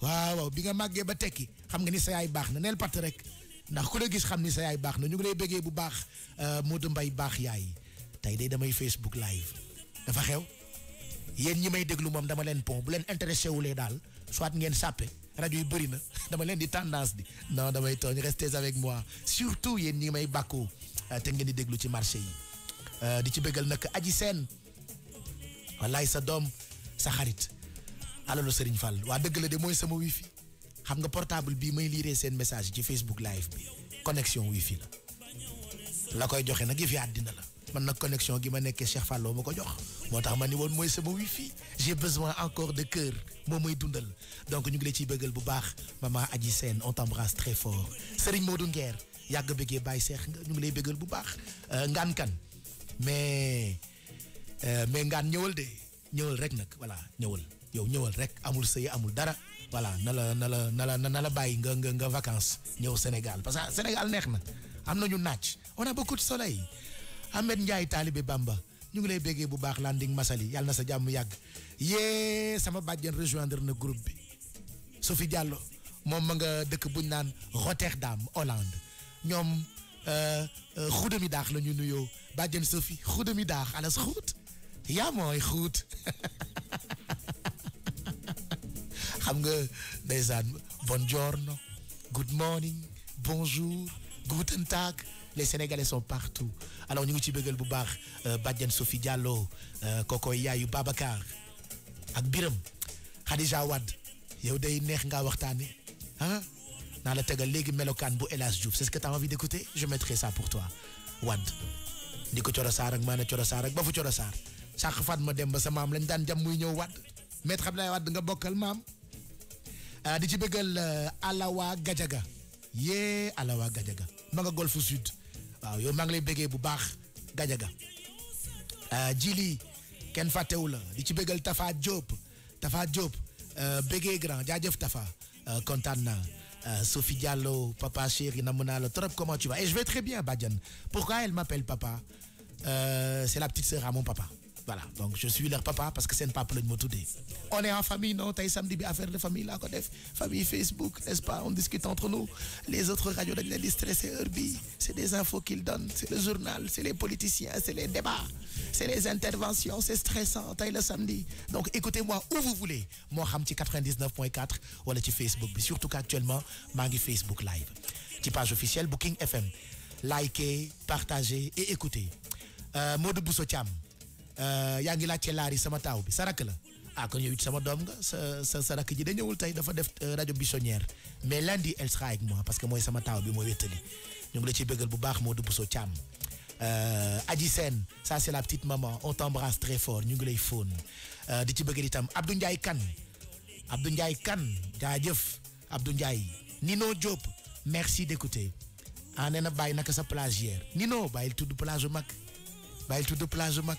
waaw waaw bi nga màggee ba tekki xam nga ni sa yaay baax na neel patt rek ndax ku la gis xam ni sa yaay baax na ñu ngi lay bu baax euh, Modou Mbaye baax yaay tey de damay Facebook live dafa xew yéen ñi may déglu moom dama leen pont bu leen intéressé wulee daal soit ngeen sàppe rajo yi bëri na dama leen di tendance di non damay tooñ restez avec moi surtout yéen ñi may bàkku euh, te ngeen di déglu ci marché yi euh, di ci bëggal nag aji seen wallaay sa doom sa xarit alalu Serigne Fall wa deug la de moy sama wifi xam nga portable bi may liiree sen message ci Facebook live bi connexion wifi la la koy joxe nag yëf yi la man nak connexion gi ma nekkee Cheikh fallo. mako jox motax man ni woon moy sama wifi j'ai besoin encore de cœur momay dundal donc ñu ngi lay ciy bëggal bu baax maman Adji sen on t'embrasse très fort Serigne Modou Nguer yag bëggee Baye Cheikh nga ñu ngi lay bëggal bu baax euh, ngaan kan mais euh, mais ngaan ñëwal de ñëwal rek nak voilà ñëwal yow ñëwal rek amul sëy amul dara voilà na la na la na la bàyyi nga nga nga vacance ñëw Sénégal parce que Sénégal neex na am nañu naaj on a beaucoup de soleil Ahmed Ndiaye taalibe Bamba ñu ngi lay béggee bu baax Landing Massaly yàlla na sa jàmm yàgg yée sama bàjjen rejoindre na groupe bi Sophie Diallo moom ma nga dëkk buñ naan Rotterdam Hollande ñoom xudami euh, euh, daax la ñu nuyoo bàjjen Sophie xudami daax alas xuut yaa mooy xuut xam nga good morning bonjour guten tag les sénégalais sont partout alors ñu ngi ci bëggal bu baax euh, Badiane Sophie Diallo euh, kokoy yaayu Babacar ak Biram Khadija Wad. yow day neex nga waxtaane hein? na la tegal légui bu c'est ce que as envie d'écouter je mettrai ça pour toi Wad, di ko ak ak ba fu dem ba sa lañ jam euh, di ci euh, Alawa Gajaga ye Alawa Gajaga ma nga Golf Sud waaw yow maa ngi bu Gajaga euh, jili kenn fàttewu la di ci Tafa job, Tafa job, bëggee grand jaajëf Tafa Contana, Sophie Diallo papa chéri namm trop comment tu vas et je vais très bien Badian. pourquoi elle m'appelle papa c'est la petite sœur à mon papa voilà donc je suis leur papa parce que c'est un papa de moto on est en famille non T'as samedi à faire de famille là ko famille Facebook n'est-ce pas on discute entre nous les autres radios de l'industrie, c'est Herbie. c'est des infos qu'ils donnent c'est le journal c'est les politiciens c'est les débats c'est les interventions c'est stressant t'as le samedi donc écoutez-moi où vous voulez moi xam ci 99.4 wala ci Facebook mais surtout qu'actuellement Mangi Facebook live Petite page officielle Booking FM likez partagez et écoutez euh, mot de eh, yaa ngi laajte laari sama taaw bi sa rakk la ah kon yow it sama doom nga sa sa sa rakk ji da ñëwul tey dafa def eh, rajo Bissonnière mais lundi elle sera avec moi parce que mooy sama taaw bi mooy wéttali ñu ngi la ciy bëggal bu baax moo dugg soo càmm. Adji Sène ça c'est la petite maman on t'embrasse très fort ñu ngi lay fóon eh, di ci bëggal itam Abdou Ndiaye Kan, Abdou Ndiaye Kan, jaajëf Abdou Ndiaye Nino Diop merci d'écouter ah nee na bàyyi naka sa plage hier Nino tout de plage bu mag tout de plage bu mac.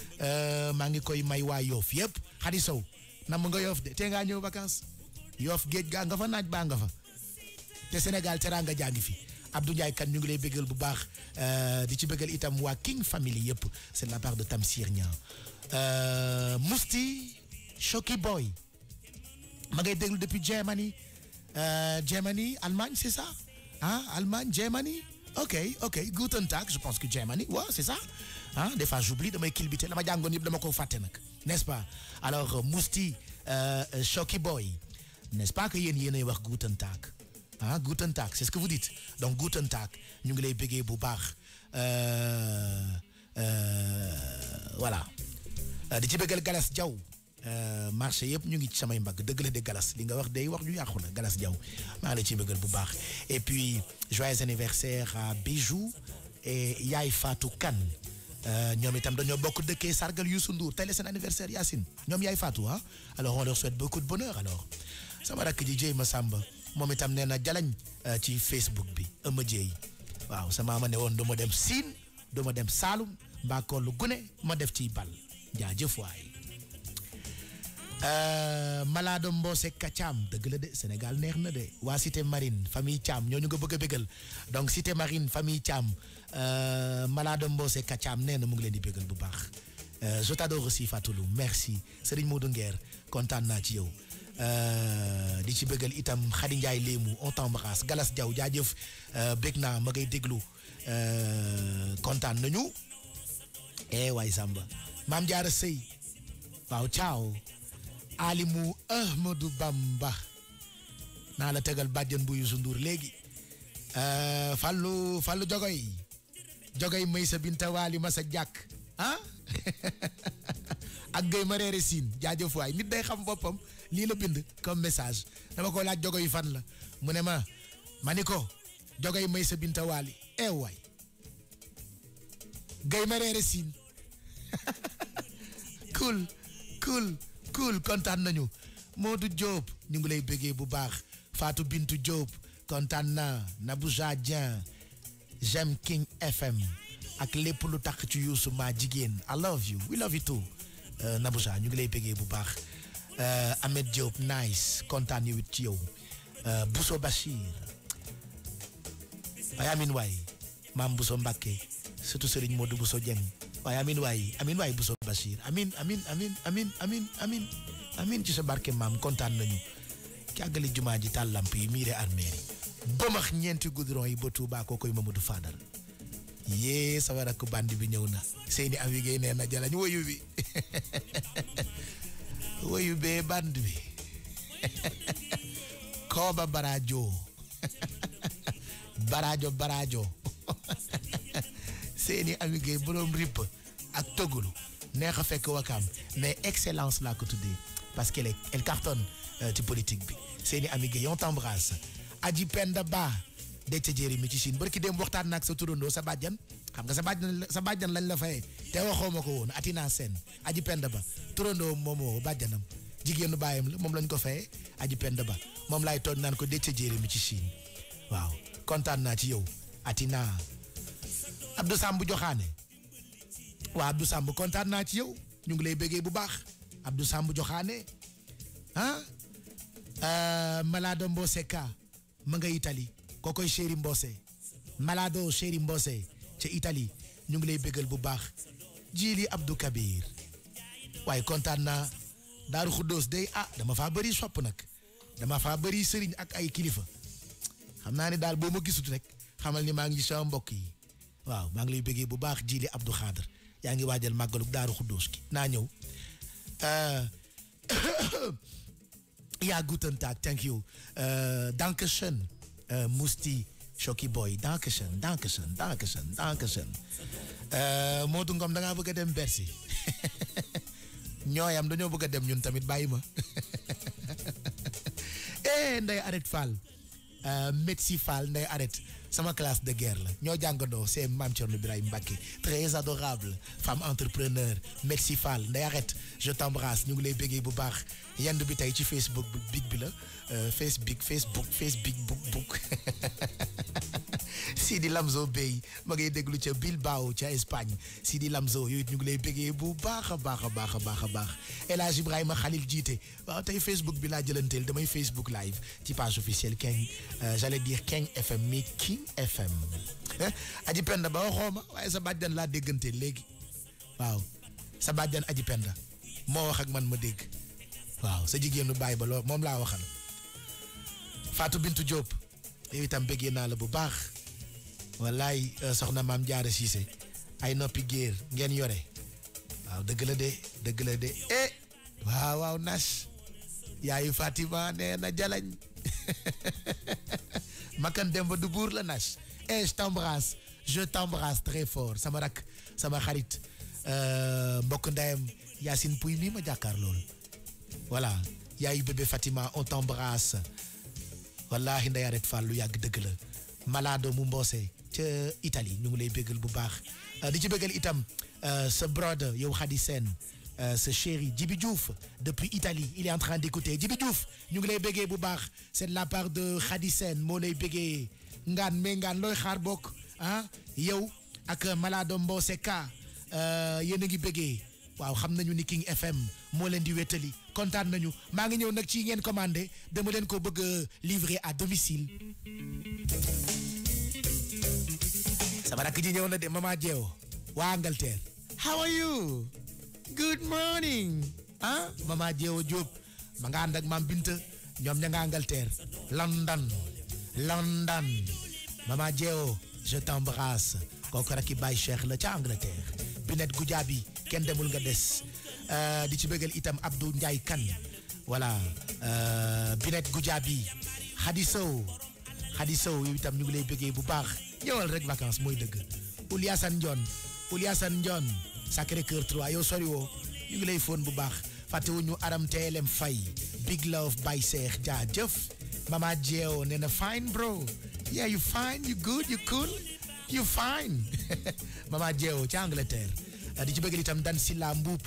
Eh, maa ngi koy may way yof yep Khady Sow nam nga yof de te nga ñew vacances yof geej ga nga fa naaj ba nga fa te senegal teraanga jaa jangi fi Abdou kan ñu ngi lay bëggal bu baax eh, di ci bëggal itam wa King Family yep, c'est la part de Tamsir euh musti Shoki Boy ma ngay déglu depuis Germany eh, Germany Allemagne c'est ça ah Allemagne Germany ok ok guten Tag je pense que Germany ouais, c'est ça Hein? des fois j'oublie de me dama dama ko n'est-ce pas alors euh, Mousti euh, euh, Shoki Boy n'est-ce pas que guten tag hein? guten tag c'est ce que vous dites donc guten tag ñu ngi lay voilà marché ñu ngi ci Galas li nga wax wax Galas et puis joyeux anniversaire à Bijou et Yaifa Fatou Euh, ñoom itam dañoo bokk dëkkee sargal Youssou Ndour tey la anniversaire Yacine ñoom yaay Fatou ah alors on leur souhaite beaucoup de bonheur sama rakk ji Jéy Massamba moom itam nee na jalañ euh, ci Facebook bi ëmma jéey waaw sama ma ne woon du dem Siin du dem Saalum mbaa koolu gune ma def ciy bal jaajëf waay Euh, Malaado Mbose Kacaam dëgg la de Sénégal neex na de waa Cité Marine famille ñoo ñu nga bëgg a bégal donc Cité Marine famille Thiam euh, Malaado Mbose Kacaam nee na mu ngi leen di bégal bu baax euh, je t'adore aussi Fatoulou merci Serigne Modou Nguer kontaan naa ci yow di ci bégal itam Khady Ndiaye Léemu on t'embrasse Galas Diaw jaajëf bég naa ma ngay déglu kontaan nañu eh waay Samba Maam Diarra Sey waaw ciao alimu Ahmadou Bamba naa la tegal bàjjen bu Youssou Ndour léegi euh, Fallou Fallou Jogoy Jogoy may sa binta waali ma sa jàkk ah ak gay ma reere siin jaajëf waay nit day xam boppam lii la bind comme message dama ko laaj Jogoy fan la mu ne ma ma ni ko Jogoy may sa binta ee eh waay gay ma reere siin cool cool cool kontaan nañu Modou Diop ñu ngi lay bëggee bu baax Fatou bintu Diop kontaan na Nabouja Dieng j'aime King FM ak lépp lu tax ci Youssou ma jigéen I love you we love you too euh, Nabouja ñu ngi lay bëggee bu baax euh, Ahmed Diop nice kontaan yu ci yow euh, Bousso Bachir waaye amin waay maam buso Mbacké surtout Serigne Modou Bousso Dieng waaye amin waay amin waay Bousso amin amin amin amin amin ci sa barke maam kontaan nañu ki àggali jumaa ji taal yi miire armeer yi ñeenti goudron yi ba Touba koo koy Mamadou Fadal yée sama rakk bandi bi ñëw na seeni am yi géey nee na jalañ woyu bi woyu bee band bi kooba baraajo baraajo baraajo seeni Ami Gueye boroom ripp ak toggalu neex a fekk wakaam mais excellence la ko tuddee parce qu'elle elle cartonne euh, ci politique bi seeni Ami Gueye on t'embrasse Aji Penda Ba Déthié Diéry mi ci Chine barki dem waxtaan nak sa turandoo sa badjan xam nga sa badjan sa badjan lañ la fayee te waxoo ma ko woon Atina Sène Aji Penda Ba turandoo momo badjanam bàjjanam bayam la mom lañ ko fayee Aji Penda Ba mom lay tooñ nan ko Déthié Diéry mi ci Chine waaw contane na. ci yow Atina Abdou Samb Joxaane waa Abdou Samb kontaan naa ci yow ñu ngi lay bëggee bu baax Abdou Samb Joxaane ah euh, Malado Mbose ka ma nga Italie kookoy Chéri Mbose malaado Chéri Mbose ca itali ñu ngi lay bëggal bu baax Jili Abdou Kabir waaye kontaan naa Daaru Xuddoos day ah dama faa bari sopp nag dama faa bari sëriñ ak ay kilifa xam naa ne daal boo ma gisut rek xamal ni maa ngi sama mbokk yi waaw maa ngi lay bëggee bu baax jiili Abdou Khader yaa ngi waajal màggalu daaru xuddoos ki naa ñëw yaa guten tag thank you euh, dankeschön euh, musti Shoki boy dankeschön dankeschön dankeschön dankeschön euh, Modou Ngom da ngaa bëgg a dem Bercy ñooyam dañoo bëgg a dem ñun tamit bàyyi ma eh nday arrête Fall métsi Fall nday arrête sama classe de guerre la ñoo c'est Mam Thierno ibrahim Mbacké très adorable femme entrepreneur merci Fall nday arrête je t'embrasse ñu ngi lay béggee bu baax yenn bi tay ci Facebook big bi la euh, Facebook, Facebook, Facebook, book, book. Sidi Lamzo Bey Magay ngay Bilbao ca Espagne Sidi Lamzo yooyu it ñu ngi lay bégee bu baax a El Ibrahima Khalil jiite waaw tey Facebook bi laa jëlanteel Facebook live ci page officielle King euh, j'allais dire King FM mais King FM hein? aji penda ba waxoo ma waaye sa bàjjan laa déggante léegi waaw sa Moi, aji penda moo wax ak man ma dégg waaw sa jigéenu Fatou Bintou Diop yow itam bëggee naa la bu baax wallaay euh, soxna maam Jaara Cissé ay noppi géer ngeen yore waaw dëgg la de dëgg la de eh waaw waaw nas yaayu Fatima nee na jalañ makan dem ba du buur la nas eh je t'embrasse je t'embrasse très fort sama rak sama xarit euh, mbokk ndeyam Yacine Pouy mii ma jàkkaar lool voilà yaayu bébé Fatima on t'embrasse wallaahi ndeyaret Fall lu yàgg dëgg la malaadoo mu mboose ca Italie ñu ngi lay béggal bu baax euh, di ci béggal itam euh, sa brother yow Khady Sène euh, sa chéri Djibi Diouf depuis Italie il est en train d'écouter Djibi ñu ngi lay bëggee bu baax c'est de la part de Khady Sène moo lay béggee ngaan mais ngaan looy xaar bokk ah yow ak Malado mboose ka yéen a ngi bëggee waaw xam nañu ni kii FM moo leen di wétali kontan nañu maa ngi ñëw nag ci ngeen commandé dama leen ko bëgg livrer à domicile sama rakk ji ñëw na de mama jeew waa Angleterre how are you good morning ah mama jeew Diop ma nga ànd ak maam Binta ñoom ña nga Angleterre London London mama jeew je t'embrasse kooku rakki Baye Cheikh la ca Angleterre binet Goudiaby kenn demul nga des di ci bëggal itam Abdou ndjay kan voilà eh, Binet Goudiaby Hadi Hadiso, Hadi Sow itam ñu ngi lay bëggee bu baax ñëwal rek vacances moy dëgg Ouliassane ndion Ouliassane ndion Sacré Cœur 3 yo sori wo ñu lay bu baax wuñu Aram TLM fay Big Love by Cheikh jeuf Mama jeo nena fine bro yeah you fine you good you cool you fine Mama jeo ci Angleterre di ci bëggal itam Dan Silla mboup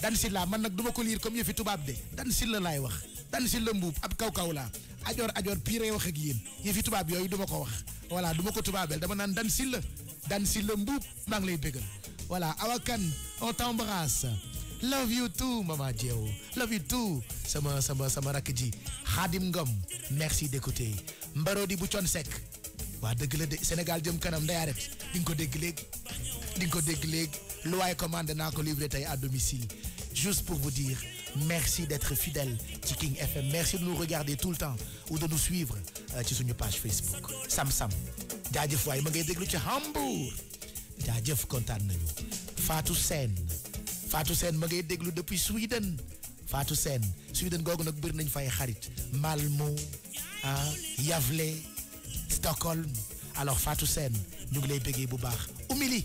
dan la man nak duma ko lire comme tubab de dan la lay wax dan la mbub ab kaw kaw ajar ajoor ajoor piree wax ak yeen yëfi tubab yoy duma ko wax wala duma ko tubabel dama nan dan la dan silla la mbub mang lay beugal wala awakan on t'embrasse love you too mama jeo love you too sama sama sama rakiji. Hadim Khadim Ngom merci d'écouter mbaro di sek. sec wa deug le de Senegal jëm kanam ndayaret di nga ko leg ding ko leg Loi et commandé naa que livré à domicile juste pour vous dire merci d'être fidèle à King FM merci de nous regarder tout le temps ou de nous suivre euh, sur notre page Facebook Sam Sam je suis ma ngay déglu ci Hambourg jaajëf kontaan Fatou Sen. Fatou Sen, ma déglu depuis Sweden Fatou Sen, Sweden je vous Malmo ah Yavle Stockholm alors Fatou Sen, nous vous bu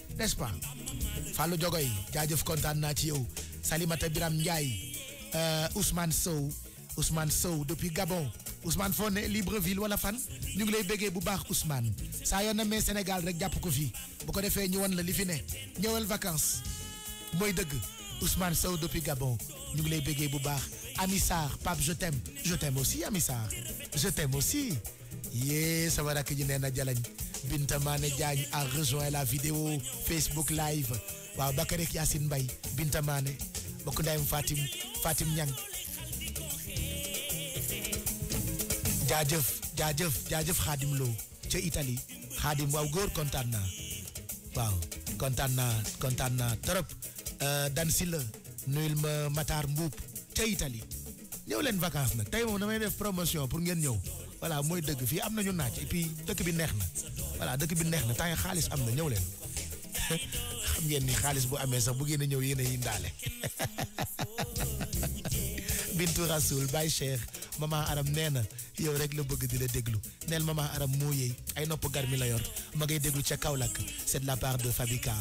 n'est-ce pas Falo Djogoy, jaajëf Kontan Natio. ci Salimata Biram Ndiaye euh, Ousmane Sow Ousmane Sow depuis Gabon Ousmane Foné, Libreville wala fan Bege ngi Ousmane Sénégal rek jàpp ko bu vacances Ousmane Sow depuis Gabon Nous voulons lay Amisar, bu Pape je t'aime je t'aime aussi Amisar, je t'aime aussi yée sama rakk ji nee na jalañ Binta Mané Diagne a rejoint la vidéo Facebook live waaw Bakary ak Yacine Mbaye Binta bokk ndayam Fatim Fatim Ñang jaajëf jaajëf jaajëf Xaadim Lo ca itali Xaadim waaw góor kontaan naa waaw kontaan naa kontaan naa trop euh, Dan Silla nuyul ma Matar Mbuub ca Italie ñëw leen vacances nag tey moom damay def promotion pour ngeen ñëw voilà mooy dëgg fii am nañu naaj et puis dëkk bi neex na voilà dëkk bi neex na temps xaalis am na ñëw leen xam ngeen ni xaalis bu amee sax bu ngeen a ñëw yéen a yi ndaale Bintu Rasoul Baye Cheikh maman Aram nee na yow rek la bëgg di la déglu neel maman Aram moo yeey ay nopp garmi la yor ma ngay déglu ca Kaolack c'est de la part de Fabica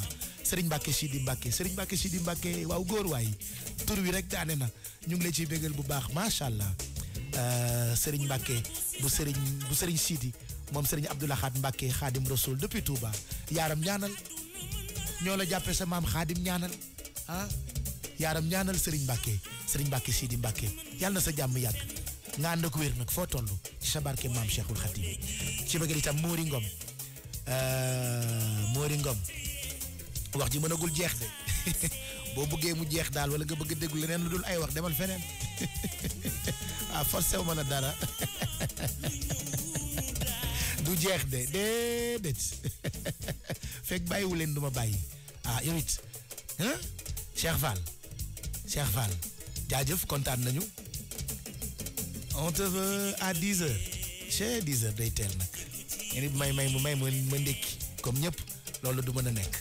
Serigne Mbacke Sidi Mbacke Serigne Mbacke Sidi Mbacke waaw góor waay tur wi rek daane na ñu ngi lay ciy bégal bu baax macha allah. Euh, Serigne Mbacke bu Serigne bu Serigne Sidi moom Serigne Abdoul Ahad Mbacke Khadim Rasoul depuis Touba yaaram ñaanal ñoo la jàppee sa maam Khadim ñaanal ah yaaram ñaanal Serigne Mbacke Serigne Mbacke Sidi Mbacke yàlla na sa jàmm yàgg nga ànd ak wér nag foo toll ci sa barke maam Cheikhul Khadim ci bëgg itam Mori Ngom euh, Mori Ngom wax ji mënagul jeex de. boo bëggee mu jeex daal wala nga bëgg a déglu leneen lu dul ay wax demal feneen ah forcé wu ma la dara du jeex de déedéet fekk bàyyiwu leen duma ma bàyyi ah yow it ah Cheikh Fall Cheikh jaajëf kontaan nañu on te à 10 heures chez 10 heures day teel nag. ngeen may may mu may ma ma ndékki comme ñëpp loolu du mën a nekk.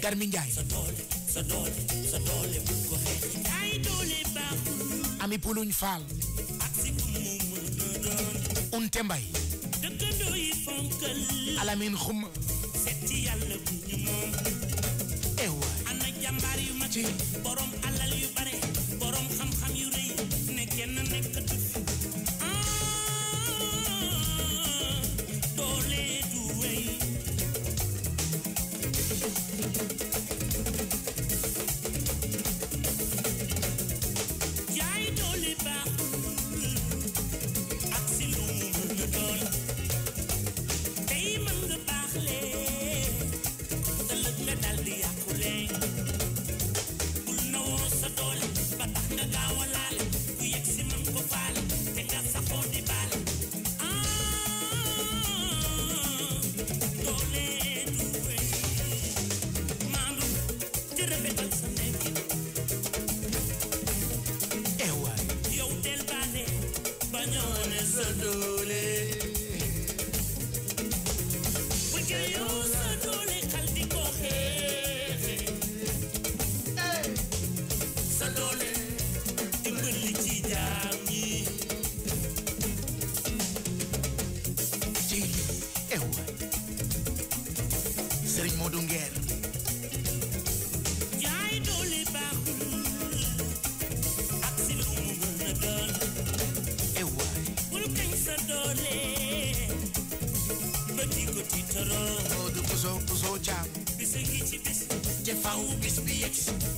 Garmi Ndiaye Ami Puluñ Fall Unte Mbay Serigne Modou Nguer yaay doole baaxul ak lu mu mën a doon ewaay eh kañ sa doole ba ko di toro Modou Bousso Bousso Thiam bis a ngi ci bis te faw bis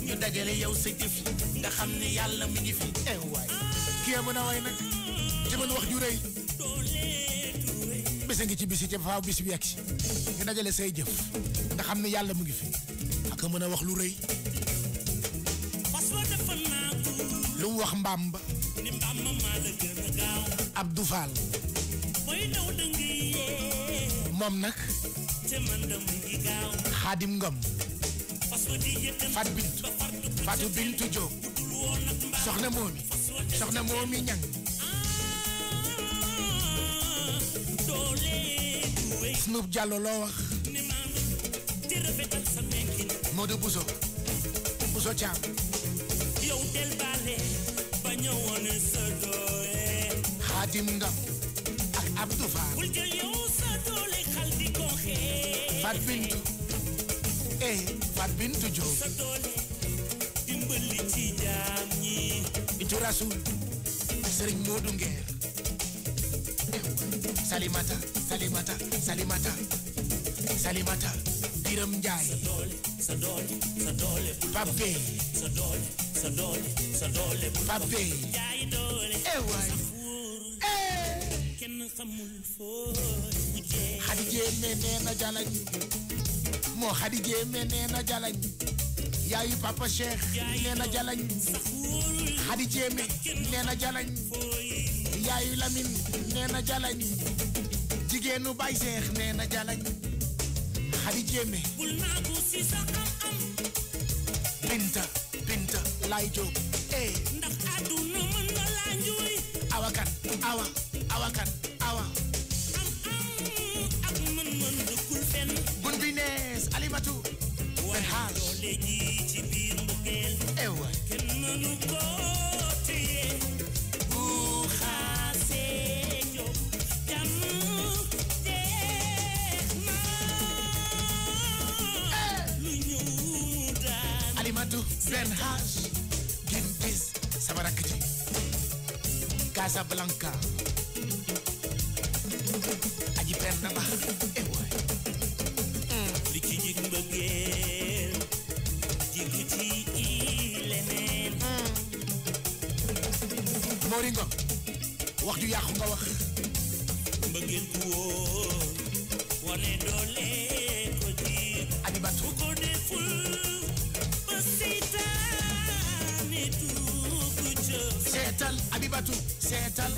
ñu dajale yow sa jëf nga xam ne yàlla mi ngi fi ewaay eh kii mën a nag ci mën wax ju rëy bis ngi ci bis yi te faaw bis dajale say jëf xam ne yàlla mu ngi fi ak mën a wax lu rëy lu mu wax mbaam ba Abdou Fall moom nag Xaadim Ngom Fat Bintu Fatou Bintu Diop soxna moomi soxna moomi ñang Snoop Diallo loo wax Modou Bousso Bousso Thiam yow del bale ba ñëwoon sa doole Xaadim Ndam ak Abdou Fall bul jël yow sa doole xal di ko xee Bintu eh Fat Bintu Diop sa doole dimbali ci jaam ñi Bintu Rasoul Serigne Modou Nguer Salimata Salimata Salimata Salimata Biram Ndiaye sa doole sa doole Pape sa doole sa doole sa doole Pape jaay doole kenn xamul foo xadijee mee nee na jalañ moo xadijee mee nee na jalañ yaayu papa Cheikh nee na jalañ xadijee mee nee na jalañ yaayu jigéenu Baye Cheikh nee na xadi jéeme bul naagu si sa am-am binta binta lay jóob ee ndax àdduna mën na laa njuuy awakan awa awakan awa am-am ak mën-mën dëkkul fenn bun bi nees alimatu waaye doole ji ci biir mbëggeel ewa kenn mënu ko Den Haag, Gendis, Samarakiti, Casablanca, Aji Pernaba, Naba, Ewa. Liki jing Gel, jiki ji ilemen. Moringo, waktu yaku nga wax. Bagel kuwo, wane dolen. ibatu seetal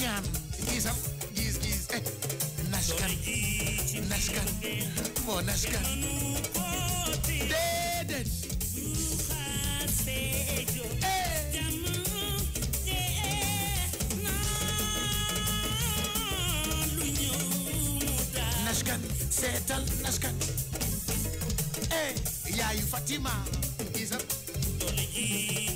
ñaan gisam gis gis eh naskan naskan boo naskan déedéet eh. naskan seetal naskan eh yaayu Fatima gisam hmm.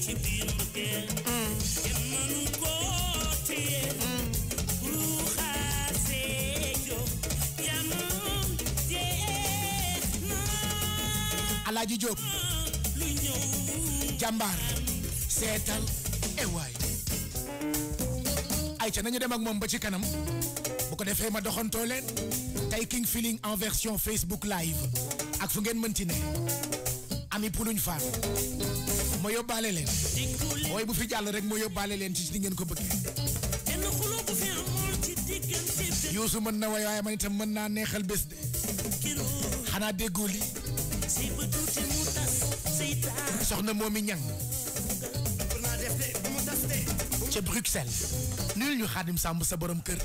Alaaji Jóob jàmbaar seetal ewaay eh, ay ca nañu dem ak moom ba ci kanam bu ko defee ma doxantoo leen tey King Feeling en version Facebook live ak fu ngeen mënti ne ami puluñ faat ma yóbbaale leen mooy bu fi jàll rek ma yóbbaale leen ci ci ngeen ko bëggee Youssou mën na way waaye man itam mën naa neexal bés de xanaa déggoo Arne Momignan. ñang ca Bruxelles nul ñu xaadim sàmb sa borom keur.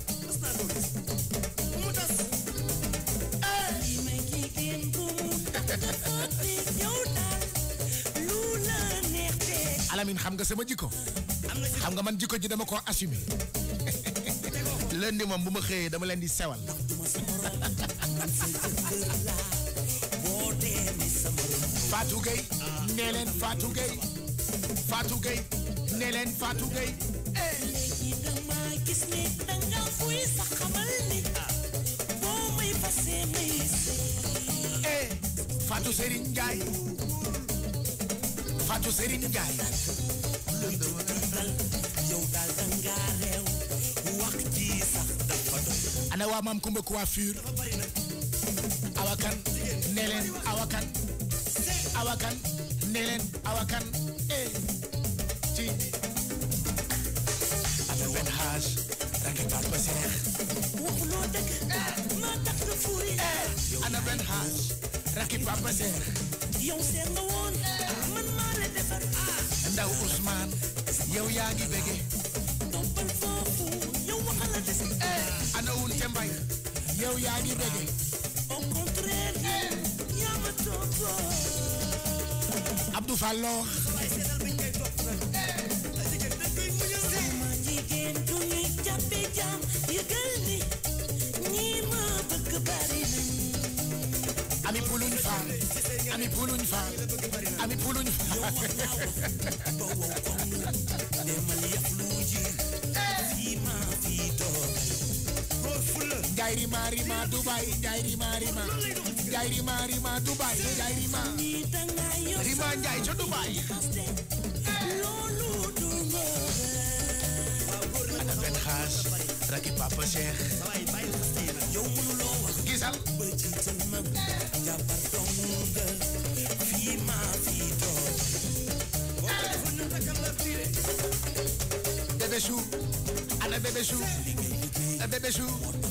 Alamin, xam nga sama jikko xam nga man jikko ji dama ko assumer lundi mom buma xeye dama len di sewal Fatou Gueye nee leen Fatou Gueye Fatou Gueye nee leen Fatou Gueye léegi dama gis ne danga fuy sax xamal ni boo may fase may eh Fatou Serigne Ndiaye Fatou Serigne Ndiaye lu dama dal yow daal wax ji sax ana waa maam Kumba coiffure awakan nee awakan awakan ne leen Awa eh, ci ana wen xaaj rake Papa Seex waxuloo dëgg eh, ma tax nga fuuri eh, ana wen xaaj rake Papa Seex nga woon man maa la defar ndaw Ousmane yow yaa ngi bëgge toppal foofu yow waxal la dese ana wun te mbay yow yaa du fa lor ami puluñ faal ami puluñ faal ami puluñ faal njaay rima rima Dubai njaay rima rima Njaay Rima Rima Dubai Njaay Rima Rima Njaay ca Dubai benn xaaj raki Papa Cheikh gisal Bébé Chou ana Bébé Chou Bébé Chou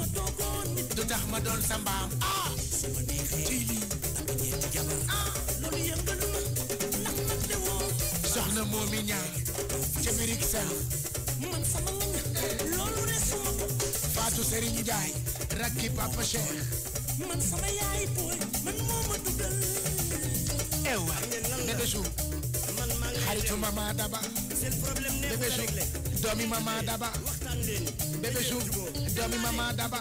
ma toogoon nit du tax ma doon sa mbaam ah su ma neexee ci lii am ñeenti jabar ah loolu yëngalu ma ndax man de woo soxna moomi ñaar ca birig sal man sama ngañ loolu reesu ma ko Fatou Serigne Ndiaye rakki Papa Cheikh man sama yaay booy man moo ma dugal ewa bébé Chou xaritu mama daba bébé Chou doomi mama daba bébé Chou doomi mama daba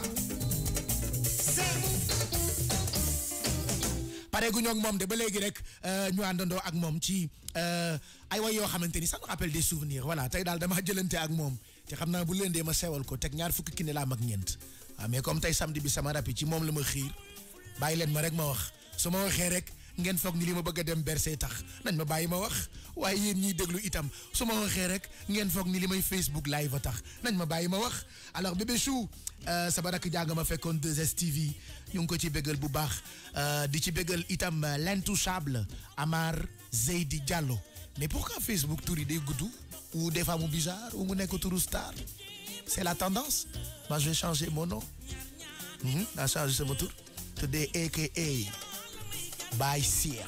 pare gu ñoog moom de ba léegi rek euh, ñu àndandoo ak moom ci euh, ay way yoo xamante ni ça me rappelle des souvenirs tey daal dama jëlante ak moom te xam naa bu leen dee ma sewal ko teg ñaar fukki kine laa mag ñeent waaw ah, mais comme tey samedi bi sama rapi ci moom la ma xiir bàyyi leen ma rek ma wax su ma waxee rek ngeen foog ni li ma bëgg a dem berse tax nañ ma bàyyi ma wax waaye yéen ñiy déglu itam su ma waxee rek ngeen foog ni li may Facebook live tax nañ ma bàyyi ma wax alors bébé chou euh, sama rakk jàng ma fekkoon deux stv ñu ngi ko ci bégal bu baax euh, di ci bégal itam euh, l'intouchable Amar Zeydi Diallo mais pourquoi Facebook tur yi day gudd ou des fois mu bizarre ou mu nekk turu star c'est la tendance moi je vais changer mon nom -hmm. naa changer sama tur tuddee aka by Sir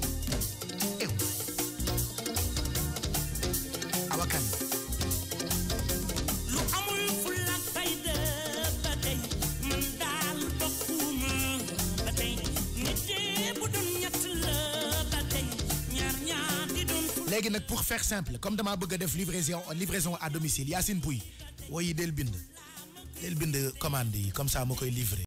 pour faire simple comme dans bëgg def livraison livraison à domicile Yacine Pouy woyi del bind del bind commande comme ça ma koy livrer